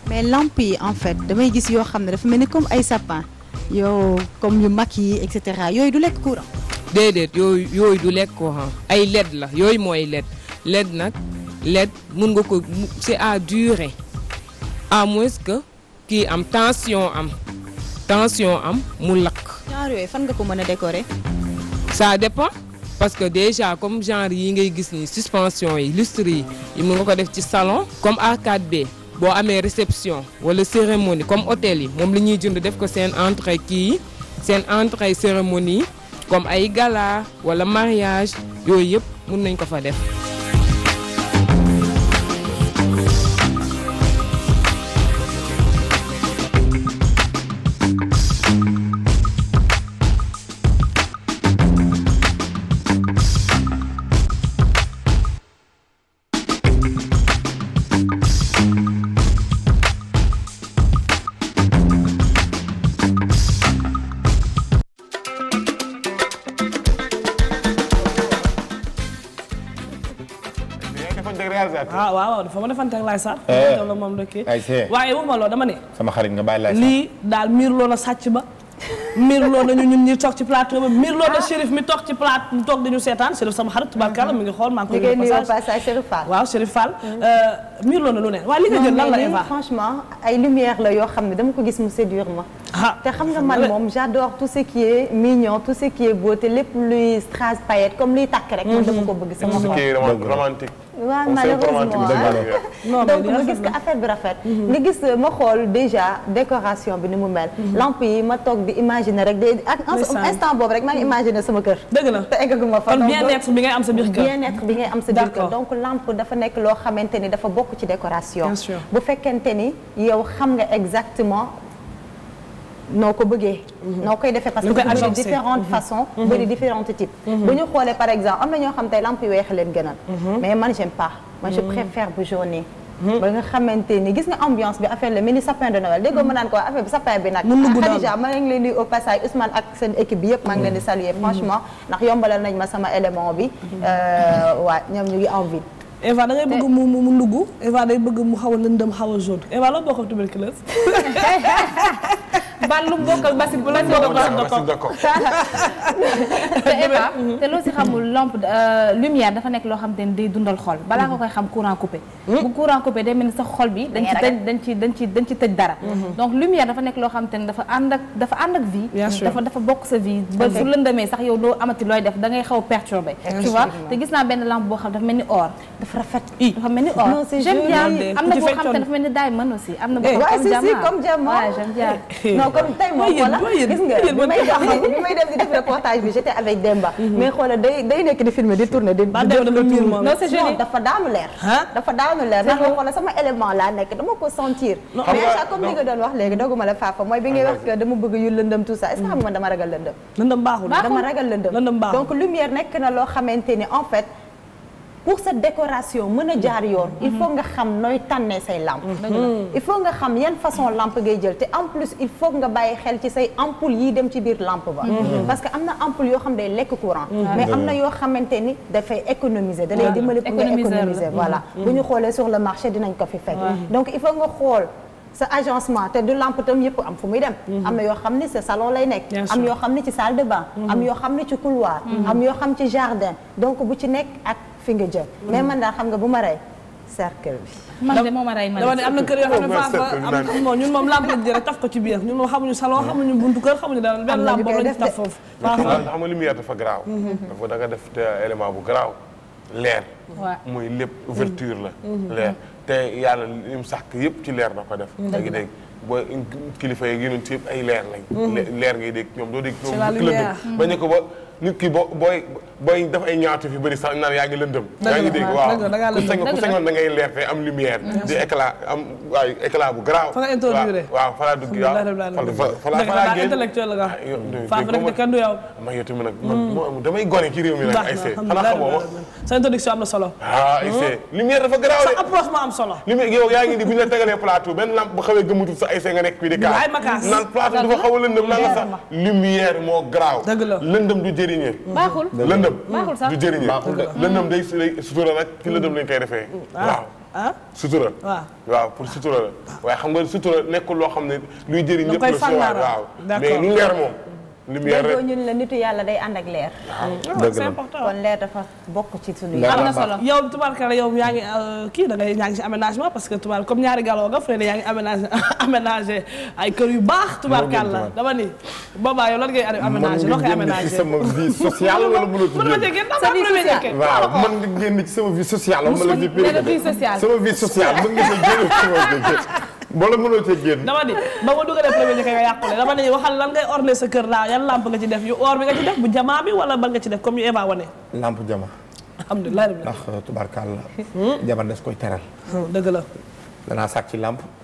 mais lampe yi en fait damay gis yoo xam ne dafa mel ni comme ay sapin yoo comme yu mag yi et cetera yooyu du lekk courant. déedéet yooyu yooyu du lekk courant ay led la yooyu mooy led led nag led mun nga ko c'est à durée à moins que kii am tension am tension am mu lakk. genre yooyu fan nga ko mën a décorer. ça dépend. parce que déjà comme genre yi ngay gis ni suspension yi lustre yi yi mu nga ko def ci salon comme A4B boo amee réception wala cérémonie comme hôtel yi moom li ñuy jënd def ko seen entrée kii seen entrée cérémonie comme ay gala wala mariage yooyu yëpp mën nañ ko fa def ah waaw dafa ma defante ak Laye Sarr. la eh, moom la kii waaye waxuma loolu dama ne. sama xarit daal miir loo sàcc ba. miir loo nañu ñun ñi toog ci plateau miir loo na ah. mi toog seetaan Chérif sama xarit tubaarkàlla mi ngi xool maa ngi koy nuyu passage Chérif Fall waaw Chérif Fall mm. euh, miir loo na lu ne waaye li nga jël lan la Eva franchement ay lumière la yoo xam ne dama ko gis mu séduire ma ah. te xam nga man moom j'adore tout ce qui est mignon tout ce qui est beauté lépp luy strass paillettes comme luy tàkk rek man mm-hmm. dama ko bëgg sama xol waaw malheureusement donc ma gis que affaire bi rafet mhm. nga gis euh, ma xool déjà décoration bi ni mu mel mhm. lampe yi ma toog di imaginer rek de ak instant boobu rek maa ngi mhm. imaginer sama kër dëgg la te eggaguma fa kon bien-être bi ngay am sa biir kër bi ngay am sa biir kër donc lampe dafa nekk loo xamante ni dafa bokk ci décoration bu fekkente ni yow xam nga exactement noo ko bëggee. Mhm. noo koy defee parce que bëri différentes mhm. façons. Mhm. bëri différents types. bu ñu xoolee par exemple am na ñoo xam tey lampe weex leen gënal. mais man j'aime pas. moi je préfère bu jaune. ba nga xamante ni gis nga ambiance bi affaire la mel ni sapin de Noël déggoo ma naan ko affaire bi sapin bi nag Khadija ma leen di au passage ak seen équipe bi yëpp maa ngi leen di franchement ndax yombalal nañ ma sama élément bi waa euh, ñoom ñu ngi a lëndëm xaw a jaune Eva la boo xam tuberculose bal lu mu bokkal Basile bu la si loo xam te ne day dundal xol balaa nga koy xam courant coupé hmm? bu courant coupé day mel ni sa xol bi dañ ci dañ ci dañ ci dañ ci tëj dara hmm. donc lumière dafa nekk loo xam te ne dafa ànd ak dafa ànd ak vie dafa dafa bokk sa vie ba su lëndamee sax yow doo amati looy def da ngay xaw perturbé tu vois te gis naa benn lampe boo xam dafa mel ni or dafa rafet dafa mel ni or j'aime bien am na boo xam te dafa mel ni diamond aussi am na boo eh, xam comme diamant waaw comme tey moom xoola gis nga bi may dem bi may dem di def reportage bi j'étais avec Demba mhm. mais xoola day day nekk di filmer di tourner di non c'est joli dafa daanu leer dafa daanu leer ndax xoola sama élément laa nekk dama ko sentir mais ça comme li nga doon wax léegi dogguma la faafa mooy bi ngay wax que dama bëgg yu lëndëm tout ça est-ce que xam nga dama ragal lëndëm lëndëm baaxul dama ragal lëndëm donc lumière nekk na loo xamante ni en fait pour sa décoration mën a jaar yoon. il faut nga xam nooy tànnee say lampe. Mm. Mm. il faut nga xam yan façon lampe ngay jël te en plus il faut nga bàyyi xel ci say ampoule yi dem ci biir lampe ba. Mm-hmm. Mm-hmm. parce que am na ampoule yoo xam day lekk courant. Mm-hmm. mais am na yoo xamante ni dafay économiser. da lay dimbali pour nga économiser voilà. bu ñu xoolee sur le marché dinañ ko fi fekk. donc il faut nga xool. sa agencement te yëpp am fu muy dem am na yoo xam ne sa salon lay nekk am yoo xam ni ci salle de bain am yoo xam ne ci couloir am yoo xam ci jardin donc bu ci nekk ak fi nga jëm. mais man daal xam nga bu ma rey cercle bi. man de moo ma rey man dama ne am na kër yoo xam ne faaf oh, am non ñun moom làmp lañ jël taf ko ci biir ñun moom xamuñu salon ah. xamuñu buntu kër xamuñu dara benn làmp boobu mhm. da nga def élément bu garaaw. leer. muy lépp ouverture la. Mhm. Mhm. leer te yàlla li mu sàkk yëpp ci leer da ko def. dëgg dégg boo kilifa yi yonent yëpp ay leer lañ. leer ngay dégg ñoom doo dégg ñoom. ba ñu ko ba. nit ki boo booy booy def ay ñaatu fi bëri sax naan yaa ngi lëndëm yaa ngi dégg waaw ku sañoon ku sañoon da ngay leerte am lumière di éclat am waaw éclat bu garaaw fa nga introduire waaw fa laa dugg waaw fa laa fa laa génn intellectuel nga faaf rek de kenn du hmm. am solo ah, hmm? lumière dafa garaaw de sa yaa ngi di bu ñu la tegalee plateau benn lampe bu xawee gëmmatul sa ay see nga nekk fii di kaa naan plateau dafa xaw a lëndëm naa nga sax lumière moo garaaw lëndëm du jëriñee. baaxul lëndëm. baaxul sax du jëriñee. baaxul de lëndëm day sutura rek ci lëndëm lañ koy defee. Ah. waaw ah sutura. waaw waaw pour sutura la. Ah. waaye xam nga sutura nekkul loo xam ne luy jëriñ ñëpp la. waaw mais lu leer moom. lumière rek ñun la nitu yàlla day ànd ak leer. Mm. c'est important kon leer dafa bokk ci suñu. am na solo yow tubaarkalla yow yaa ngi euh, kii da ngay yaa ngi si aménagement parce que tubaar comme ñaari galoo nga Freddy yaa ngi aménagé aménagé ay kër yu baax. tubaarkalla dama ni boobaa yow lan ngay aménagé. loo koy aménagé sama vie sociale wala mënoo ci génn. sa vie sociale waaw man nga génn ci sama vie sociale. wala ma la vie privée sama vie sociale mën nga ko génn sama vie boo la mënoo cee génn dama di ba ma dugalee premier njëkk nga yàqule dama ne waxal lan ngay orné sa kër laa yan lampe nga ci def yu or bi nga ci def bu jamaa bi wala ban nga ci def comme yu Eva wane lampe jama alhamdulilah ndax tubaarkàlla hmm? des koy teral dëgg la danaa sàkk ci lampe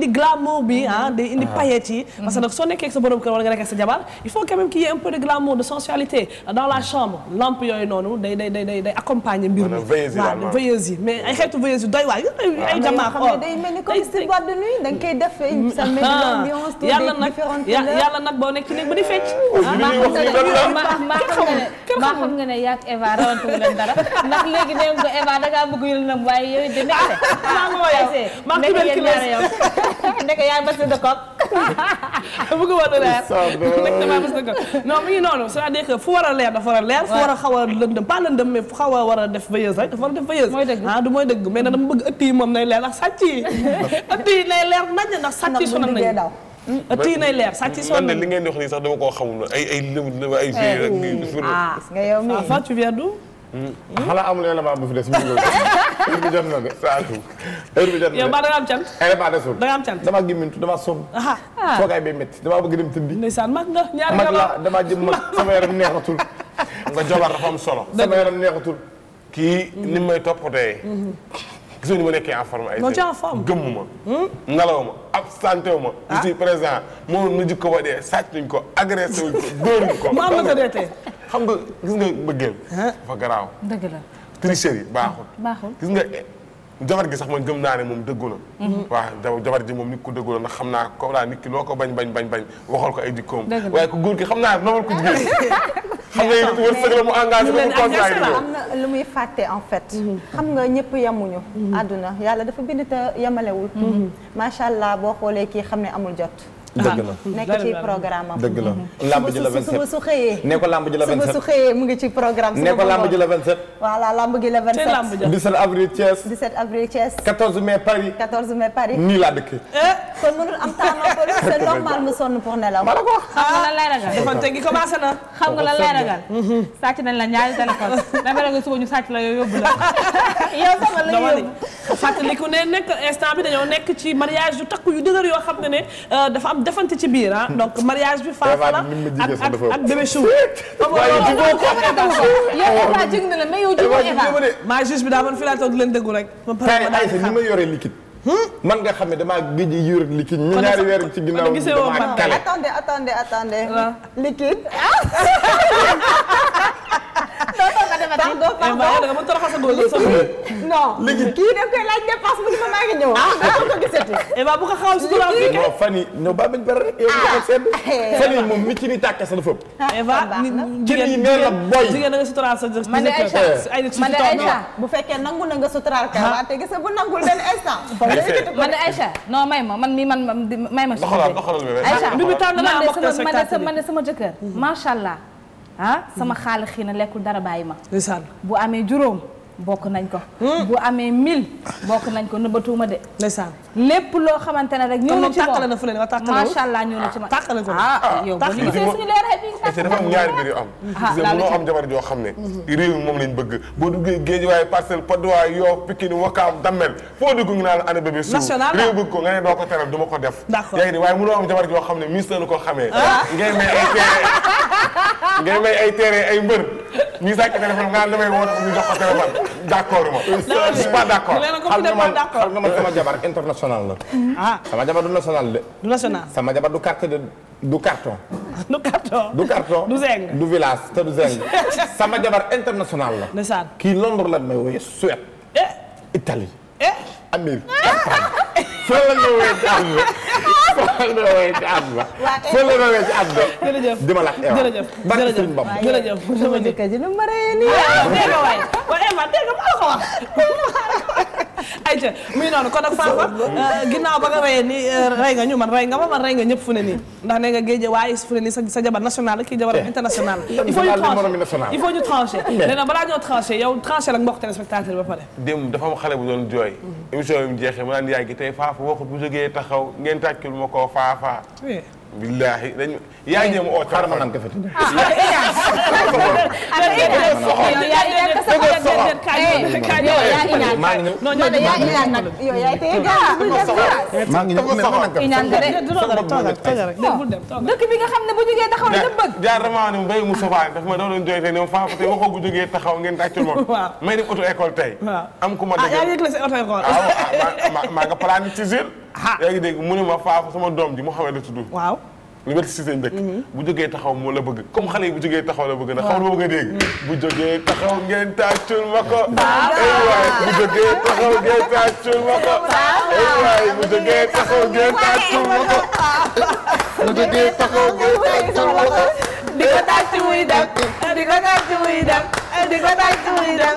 indi glamour bi ah, ah. day yi ah. parce que nag soo nekkee sa borom kër wala nga nekkee sa jabar il faut quand même un peu de glamour de sensualité dans la chambre lampe yooyu noonu day day day day day mbir mi waaw veilleuse yi mais ay xeetu veilleuse yu doy waay ah. ay oh. da nga koy def eh, mm. ça met de l'ambiance yàlla nag yàlla nag boo nekk ci néeg bu di fecc maa xam nga ne yaak Eva rawantu leen dara ndax léegi nee nga Eva da ngaa bëgg yu nam waaye yooyu de nekk maa ngi woyal maa ngi yow ndeke yaay mbas de coq bëgg woon leer ndek damaa mbas de coq non mi fu war a leer dafa war a leer fu war a xaw a lëndëm pas lëndëm mais fu xaw a war a def veilleuse a def veilleuse ah du mooy dëgg mais nag dama bëgg ëtt yi moom nay leer ndax sàcc yi ëtt yi nay leer nañ ndax sàcc yi nay leer sàcc yi sonal nañ li ngeen di wax nii a dama koo xamul eh, Mm. xanaa amul élément bu fi des ñu heure bi jot na de saa tuut heure bi jot na cant. élément eh, desul da nga am cant damaa gémmintu damaa sonn. Ah. foogaay bay métti damaa bëgg dem tëndi. ndeysaan mag nga ñaari mag la damaa jëm mag sama yaram neexatul. nga jobar dafa am solo. sama yaram neexatul. kii ni may toppatee. Mm-hmm. gisoo ni ma nekkee en ay. non en forme gëmmu ma. Hmm? ma absenté wu ma. ah je suis présent moom na jikko ba dee sàcc nañ ko agressé wuñ ko ko. mu am na ko xam nga gis nga bëggeel. dafa garaaw. dëgg la tricherie baaxul. Ah, baaxul gis nga jabar gi sax man gëm naa ne moom dëggu waa hmm. waaw jabar ji moom nit ku dëggu na xam naa ko laa nit ki ko bañ bañ bañ bañ waxal ko ay jikkoom. waaye ku góor gi xam naa ne ko jigéen xam nga wërsëg la muy fàtte en fait mhm. xam nga ñëpp yemuñu mhm. àdduna yàlla dafa bind te yemalewul mhm. macha allah boo xoolee kii xam ne amul jot Ah. dëgg la nekk ci programme am. dëgg la mhm. làmb ji la 27 la 27 suba la 27. la 27 làmb ji 17 avril Thiès. 17 avril Thiès. 14 mai Paris. 14 mai Paris. nii laa dëkk. Eh, kon mënul am temps noppalu c'est normal mu sonn pour nelaw. ma la ko ah, xam nga lan lay ragal. defante eh, na. la ñaari téléphone. dama ne nekk instant bi dañoo nekk ci mariage yu takku yu dëgër yoo xam ne ne euh, am defante ci biir ah donc mariage bi faafa la ak ak ak bébé chou. waaye jubóo ko Eva jig na la mais yow jubóo Eva. maa juge bi daa man fi laa toog di leen déglu rek. ma pare ma daal di xam ni ma yore liquide. Hmm? man nga xam ne damaa gëj a yore liquide. ñu ñaari weer ci ginnaaw damaa kale attendez attendez attendez liquide Sabaté doo non kii da koy laaj dépense mu ni ma maa ngi ñëw. ah ko gisati. Eva bu ko xaw si turam bi non fan yii ñoom baa bañ pare rek. ah fan yii moom mi ci ni tàkk sa fëpp. Eva jigéen jigéen da nga suturaal sa jëkkër. man de Aïcha man de Aïcha bu fekkee nangu na nga suturaal Kaba te gis nga bu nangul benn instant. man de Aïcha non may ma man mii man may ma. doxalal doxalal bi Aïcha man de sama man de sama jëkkër macha allah ah sama xaal xiina lekkul dara bàyyi ma. ndeysaan bu amee juróom bokk nañ ko. Hmm? bu amee mille bokk nañ ko nëbbatuuma de. ndeysaan lépp loo xamante ne rek. ñëw na ci moom tàqale na fële nga tàqale na ci ma ah, ah, ñaari mbir yu am. ah, ah joo xam ne. Mm-hmm. réew moom lañ bëgg boo duggee Géejawaay Parcelles Patte d'Oie Yoff Pikine Ouakam Damel foo dugg ñu naan ana bébé suuf. national réew bëgg ko nga ne doo ko teral du ma ko def. d'accord yaa ngi di waaye mënoo am jabar joo xam ne ministre ko xamee. ngay may ay ngay may ay téere ay mbër ñu sàcc téléphone nga damay ma. je suis pas d' accord xam nga man nga man sama jabar international la. Ah. sama jabar du national de. du national sama jabar du carte du carton. du carton du carton. du du zeng. sama jabar international la. ndeysaan kii Londres la may wooye Suède. Eh. Italie. Eh? Amir fële nga wéy ci am nga eh. fële nga wéy ci am ah, nga fële eh, nga wéy ci am nga. jërëjëf dama la Ewa jërëjëf jërëjëf jërëjëf jërëjëf jërëjëf jërëjëf jërëjëf jërëjëf jërëjëf jërëjëf ayca muy noonu kon nag Fafa ginnaaw ba nga reyee rey nga ñu man rey nga ma man rey nga ñëpp fu ne nii ndax ne nga géej waaye fu ne nii sa jabar national la kii jabar eh. international il il faut ñu tranché nee na balaa ñoo tranché yow tranché ba pare démb dafa am xale bu doon jooy mhm. émission bi mu jeexee mu naan yaa ngi tey Fafa waxut bu jógee taxaw ngeen tàccul ma koo Fafa billaahi dañ yaa ngi jéem a oo ah, ah, xaaral ma naan kafet. ah dëkk bi nga xam ne bu jógee taxaw la bëgg. jaar damaa ne mbay mu sofaan daf ma doon jooy tey ne ma faa tey waxoo bu jógee taxaw ngeen tàccul moom. may dem auto école tey. am ku ma dëgg. ah yaa yëg la si auto école. Ah, maa nga planifié yaa ngi dégg mu ne ma faafu sama doom ji Mouhamed la tudd waaw liberté si seen dëkk mhm. bu jógee taxaw moo la bëgg comme xale yi bu jógee taxaw la bëgg na xaw ma bëgg a dégg bu jógee taxaw ngeen tàccul ma ko ay eh waay bu jógee taxaw ngeen tàccul ma ko ay eh waay bu jógee taxaw ngeen tàccul ma ko bu jógee taxaw ngeen tàccul ma ko di ko tàcc muy dem di ko tàcc muy dem di ko tàcc muy dem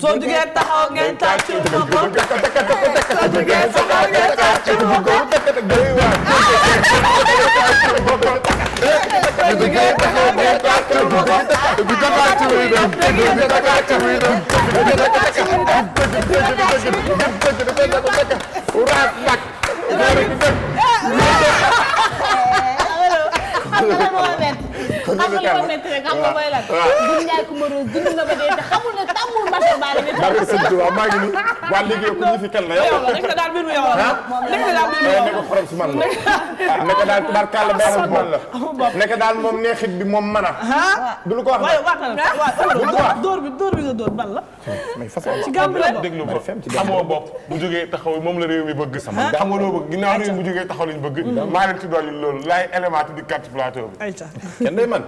soo jugee taxaw ngeen tàccu ma ko soo jugee taxaw ngeen tàccu ma ko soo jugee taxaw ngeen tàccu ma ko soo jugee taxaw ngeen xamul li ma métti rek xam nga mooy lan. buñ ñaay ku ma roos dund nga ba dee te xamul ne tàmmul Massa Ba la. barke sëñ Tuubaa maa ngi nii waa léegi yow ku ñu fi kenn la yow. nekk daal mbir mi yow la. nekk daal mbir mi yow la nekk xorom si man la. nekk daal tubaar kàlla bay na man la. nekk daal moom neexit bi moom mën a. du lu ko wax waaw dóor bi dóor bi nga dóor ban la. mais façon ci gàmb la déglu ma amoo bopp bu jógee taxaw moom la réew mi bëgg sama xam nga loo bëgg ginnaaw réew bu jógee taxaw lañ bëgg maa leen ci dolli loolu laay élément di carte plateau bi man.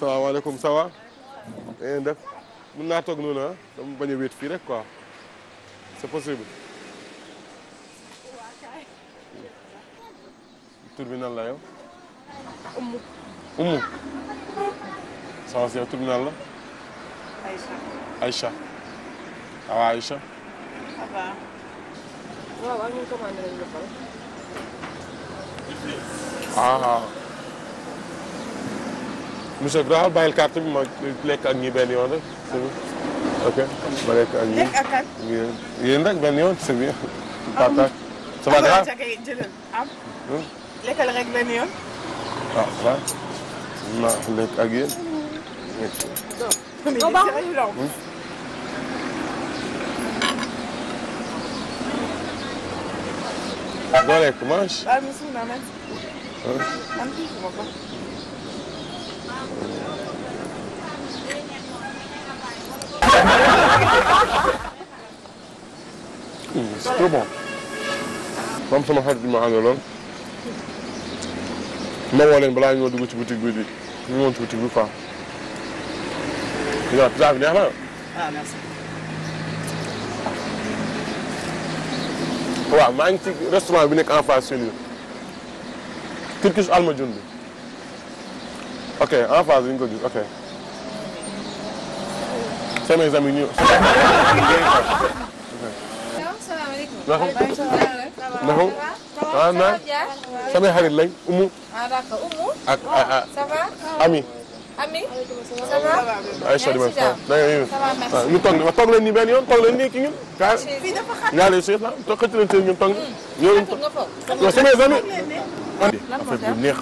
salaamaaleykum ça va. na ngeen def. mun naa toog noonu ah dama bañ a wéet fii rek quoi c'est possible. la yow. Umu. Umu. soxna si yow bi la. Aïcha. Aïcha. awa ah waaw. monsieur Graal bàyyil carte bi ma lekk ak ñi bien. ok ma nekk ak yéen ak kan. yéen rek benn yoon c'est bien. partage. ça va dara am lekkal rek benn yoon. ah waaw. naa lekk ak yéen. doo lekk mange. waaw bisimilah merci. c'est trop bon. moom sama xarit bi ma àndaloon ma woo leen balaa ñoo dugg ci boutique bi ñu woon ci boutique bi quoi. waaw pizza neex na. ah maa ngi ci restaurant bi nekk en face chez lui. Turkish Almajun bi. ok en face bi ñu ko ok. C'est mes amis ñu. salaamaaleykum. samay xarit lañ Umu. ak Ami. Ami. Aïcha Dima Fall. da nga ñu toog ma toog leen nii benn yoon toog leen nii ki ñun. kaa yaa lay suy ah toog xëcc leen si ñun toog hmm. ñooñu. non c'est mes amis. affaire bu neex.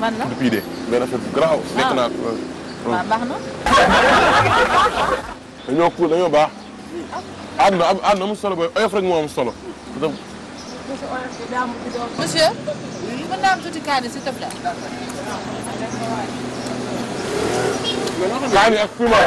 man la depuis de benn affaire bu garaaw. nekk ah. naa waaw ah, baax na. Hmm. dañoo cool dañoo baax. àdduna am àdduna amul solo booy oyof rek moo am solo. monsieur. mën naa am tuuti kaani s'il te plaît. kaani ak piment.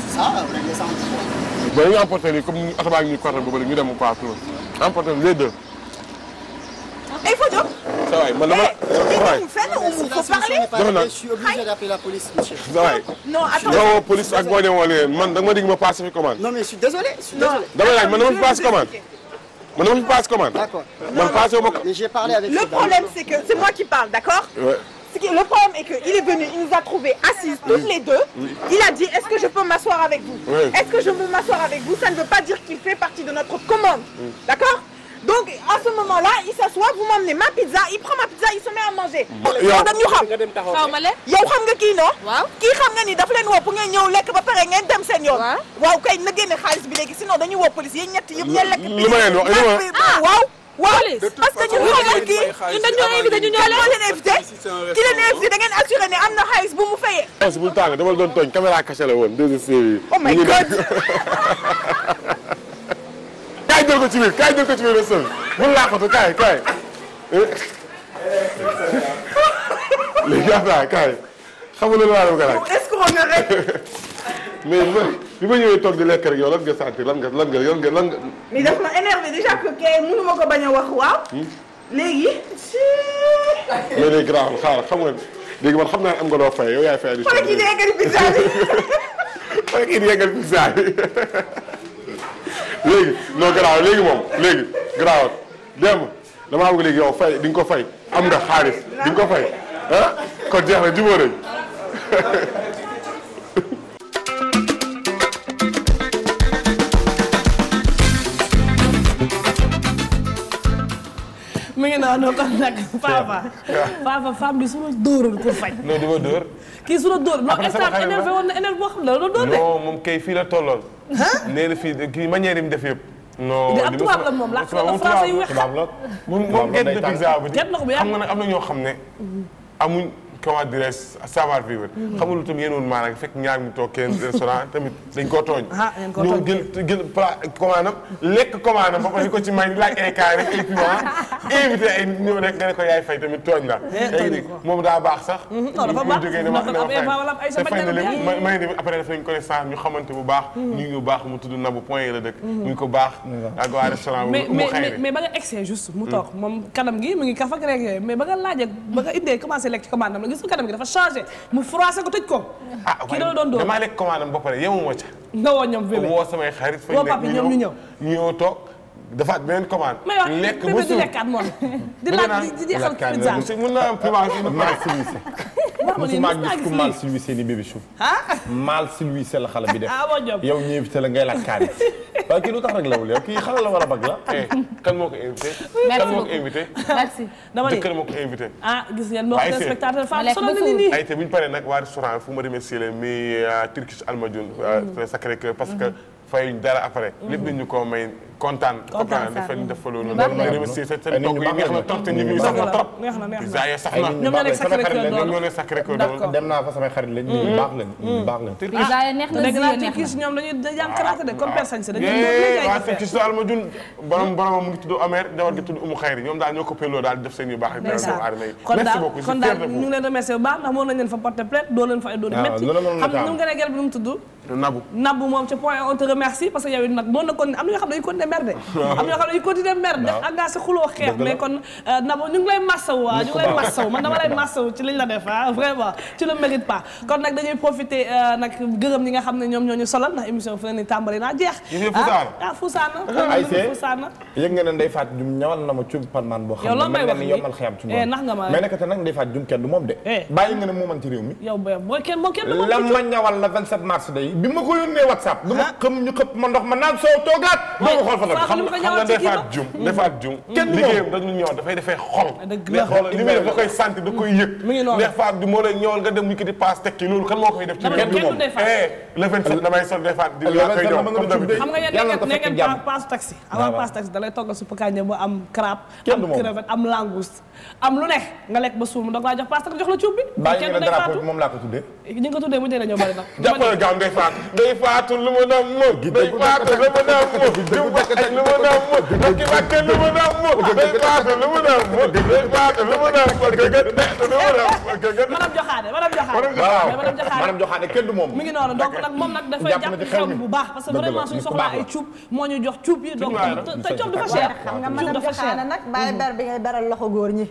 ça on est emporté lii comme oto baa ngi ñu côté boobu ñu dem mu paas noonu. emporté les deux. Eh, il faut jóg. ça va man dama. Eh, il faut parler. d'appeler la police monsieur. non attends police ak boo demoo leen man danga ma dégg ma passé fi commande. non mais je suis désolé. je suis désolé dama laaj man dama fi passé commande. man dama fi passé commande. d'accord man passé wu ma ko. mais j'ai parlé avec le problème c'est que c'est moi qui parle d'accord. le problème est qu'il est venu, il nous a trouvés assises toutes oui. les deux. Oui. Il a dit est-ce que je peux m'asseoir avec vous oui. Est-ce que je veux m'asseoir avec vous Ça ne veut pas dire qu'il fait partie de notre commande. D'accord donc à ce moment-là il s'assoit bu mu am ma pizza il se met à manger. yow nga kii non. waaw nga ni daf leen woo bu ngeen ñëw lekk ba pare ngeen dem seen yoon. waaw waaw kay sinon dañuy woo police yéen ñett yëpp ngeen waaw parce que ñun xoolal kii ñun dañu ñoo invité ñun ñoo leen invité ki leen invité da ngeen assuré ne am na xaalis bu mu fayee. xaalis bu tàng dama la doon tooñ caméra caché la woon 2STV. oh my god kaay jël ko ci biir kaay jël ko ci biir réseau bi mun laaxatu kaay kaay. léegi am naa kaay xamu ne ko laaj. rek. bi ma ñëwee toog di lekk rek yow lan nga sentir lan nga lan nga yow nga lan nga. mais daf ko bañ a wax waaw. Hmm? léegi. léeg-léeg garaawul xaaral xam nga léegi man xam naa am nga loo di xool ci yeggali pizza bi. xool ci yeggali pizza bi léegi non garaaw léegi moom léegi garaaw dem dama am nga léegi yow fay di nga ko fay am nga xaalis di nga ah? jeex na mi ngi noonu kon nag Fafa. Fafa femme bi su la dóoroon ko faj. non du ma dóor. kii su la dóor non instant énervé woon na énervé boo xam ne la doon dóor de. non moom kay fii la tolloon. nee na fii kii manière yi mu def yëpp. non li ma tubaab la moom la français yu wex. tubaab la moom moom gerte bi xam nga nag am na ñoo xam ne amuñ. comment dirais savoir vivre. xamul lu tam yéenoon maanaam fekk ñaar mu toog kenn restaurant tamit dañ koo tooñ. ah dañ lekk commande am ba ko ci may laaj ay kaay rek ay ko yaay fay tamit tooñ la. Eh, léegi moom daa baax sax. Mm-hmm. non dafa baax dafa fay na lépp may dem après def nañ connaissance ñu xamante bu baax. ñu mm-hmm. ñu baax mu tudd Nabou point yi la dëkk. Mm-hmm. ñu ko baax. ak waa restaurant mu xayri mais ba nga excès juste mu toog mm. moom kanam gi mu ngi kaf ak rek mais ba nga laajee ba nga indee commencé lekk ci commande am gis nga kanam gi dafa changé mu froissé ko tëj ko ah kii dala doon doon damaa lekk commande am ba pare yemuma ca nga woo ñoom bébé woo samay xarit fa ñoom ñu ñëw ñëw toog defaat beneen commande. lekk ba suur di di di xam si mën naa am mal service. musuma gis ku mal service ni bébé chou. mal service la xale bi def. Ah, yow ñu invité la ngay laaj kaani. waaye kii yow kii xale la war a bëgg la. Eh, kan moo ko ah, gis ngeen moo ko na nii. ay te bu ñu paree nag waa restaurant leen mi euh, Turkish Almadioun. Euh, mm. très sacré cœur parce que mm-hmm. fayuñ dara après. lépp mhm. dañu ko may kontaan. kontaan dafa def loolu. loolu mooy remercier seen seen mbokk yi neex na trop te ñu ngi sax na trop. neex na neex na sax na ñoom ñoo nekk sacré cœur doon ñoom ñoo nekk sacré cœur doon. dem naa fa samay xarit lañ. ñu mm. baax lañ ñu mm. baax lañ. Isaaya neex na Ziya neex na ñoom dañuy dañuy am kalaate de comme personne si dañuy jaay waaw te Kirist daal ma jun borom boromam mu ngi tudd Omer jabar gi tudd Umu Xayri ñoom daal ñoo ko peloo daal def seen yu baax. merci beaucoup kon daal ñu ngi leen remercier bu baax ndax moo nañ leen fa porter plainte doo leen fa doo di ah, metti xam ñu nga ne gel bi nu mu tudd te Nabou Nabou moom ca point on te remercie parce que yow it nag mën na kon am na ñoo xam ne dañu continuer mer de am na ñoo xam ne dañu continuer mer de engagé xuloo xeex mais kon euh, Nabou ñu ngi lay massaw waa ah, ñu ngi lay massaw man dama lay massaw ci liñ la def ah vraiment tu ne mérites pas kon nag dañuy profiter euh, nag gërëm ñi nga xam ne ñoom ñoo ñu solal ndax émission fu ne ni tàmbali naa jeex ah, ah Foussana Foussana yëg nga ne Ndeye Fatou Dioum ñawal na ma cub parmaan boo xam ne mel na ni yombal xiyam ci moom eh, nax nga ma mais nekkate nag Ndeye Fatou Dioum kenn du moom de eh. bàyyi nga ne moo man ci réew mi yow booy kenn moo kenn la ma ñawal la 27 mars day bi ma ko yónnee WhatsApp. lu ma ah. xëm ñu xëpp ma ndox ma naan soow toogaat. waaw xool fa xam nga defaat jum defaat jum. kenn liggéeyam dañu ñëw dafay defee xol. Ah, loolu xam nga yéen ne ngeen paas taxi. avant paas taxi da lay toggal suppu bu am crabe. am crevette am lu nekk nga lekk ba suur mu doog laa jox parce que jox la cuub moom mu a ñëw ngi noonu donc nag moom nag dafay jàpp xew bu baax parce que vraiment suñu soxlaa ay cuub moo ñu jox cuub yi donc te cuub dafa cher. xam nga maanaam joxaane nag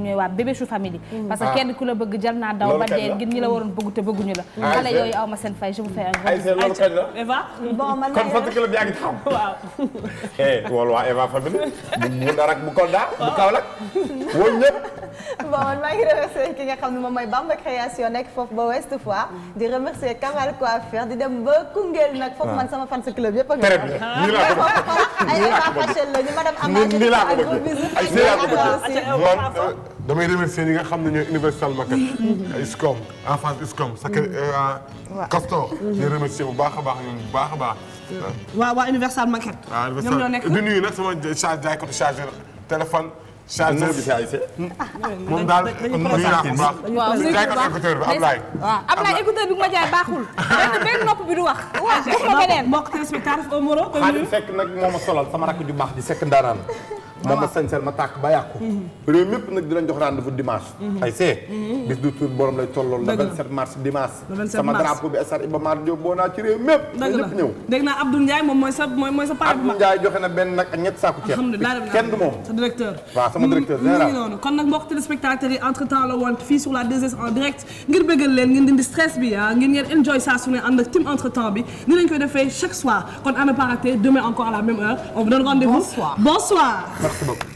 ñooy waa bébé chou famille mm. parce que ah. kenn ku la bëgg jël naa daw ba dee ngir ñi la waroon bëgg te bëgguñu la xale yooyu aw ma seen fay je vous fais un loolu kañ la Eva bon man kon Fatou Kelle yaa ngi taxaw waaw eh wala waa Eva famille mu Ndarak bu Kolda bu Kaolack wooñu ñëpp bon man maa ngi remercier ki nga xam ne moom mooy Bamba création nekk foofu ba Ouest Foire di remercier Kamal Coiffure di dem ba Koungheul nag foofu ah. man sama fan sa club yëpp ak ay Eva Fashion la ñu madame Amady ak groupe bi damay remercier ñi nga xam ne ñooy Universal Market. ISCOM en face ISCOM. sa kër euh, Castor. di remercier bu baax a baax ñun bu baax a baax. waaw waa Universal Market. waaw Universal ñoom ñoo nekk di nuyu nag sama charge jaay ko chargeur téléphone. chargeur bi moom daal nuyu naa ko baax. waaw nuyu naa ko baax écouteur bi Ablaye. waaw Ablaye ma jaay baaxul. benn benn ma solal sama rakk sekk ndaanaan. moom ma sañsel ma tàkk ba yàqu. Mhm. réew mépp nag dinañ jox rendez-vous dimanche. Mhm. ay see. Mhm. bis du tur borom lay tollool le mars dimanche. sama drapeau bi SR Iba Mar Diop boo naa ci réew mépp. dëgg la ñëw dégg naa Abdou Ndiaye moom mooy sa mooy sa joxe na benn nag ak ñett saako ceeb. kenn du moom Moustapha sama kon nag mbokk téléspectateurs yi entre temps la woon fii sur la 2 en direct ngir bëggal leen ngeen dindi bi ah ngeen ngeen enjoy saa su ne ànd ak team entre temps bi ni chaque soir kon à ne pas demain encore à la heure on vous donne rendez-vous bonsoir bonsoir merci beaucoup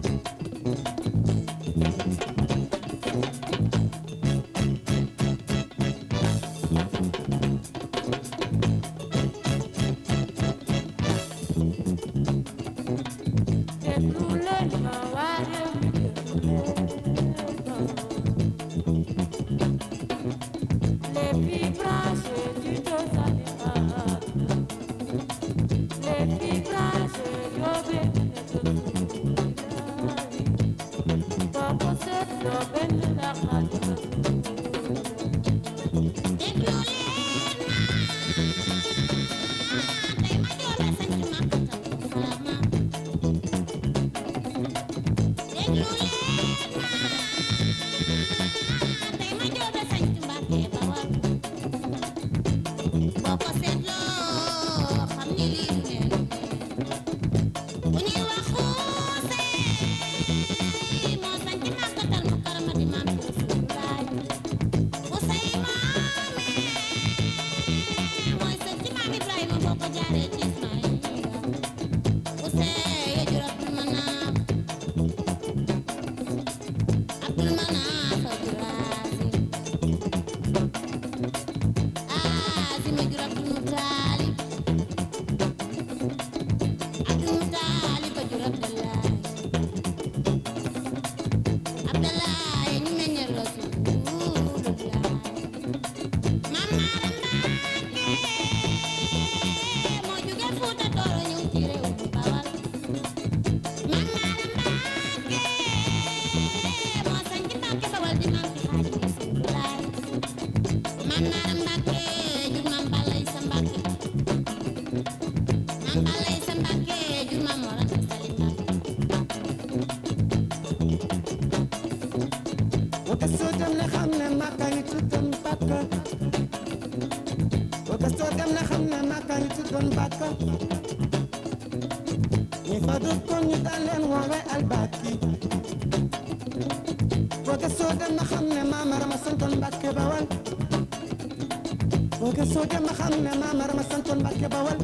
thank you ñu daan leen woowee albaki booke soo dem na xam ne maamara ma santoon Mbàkke Bawal booke soo dem na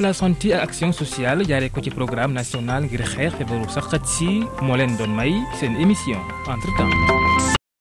de la santé ak action sociale jaaree ko ci programme national ngir xeex feebaru saxat si moo leen doon may seen émission entre temps.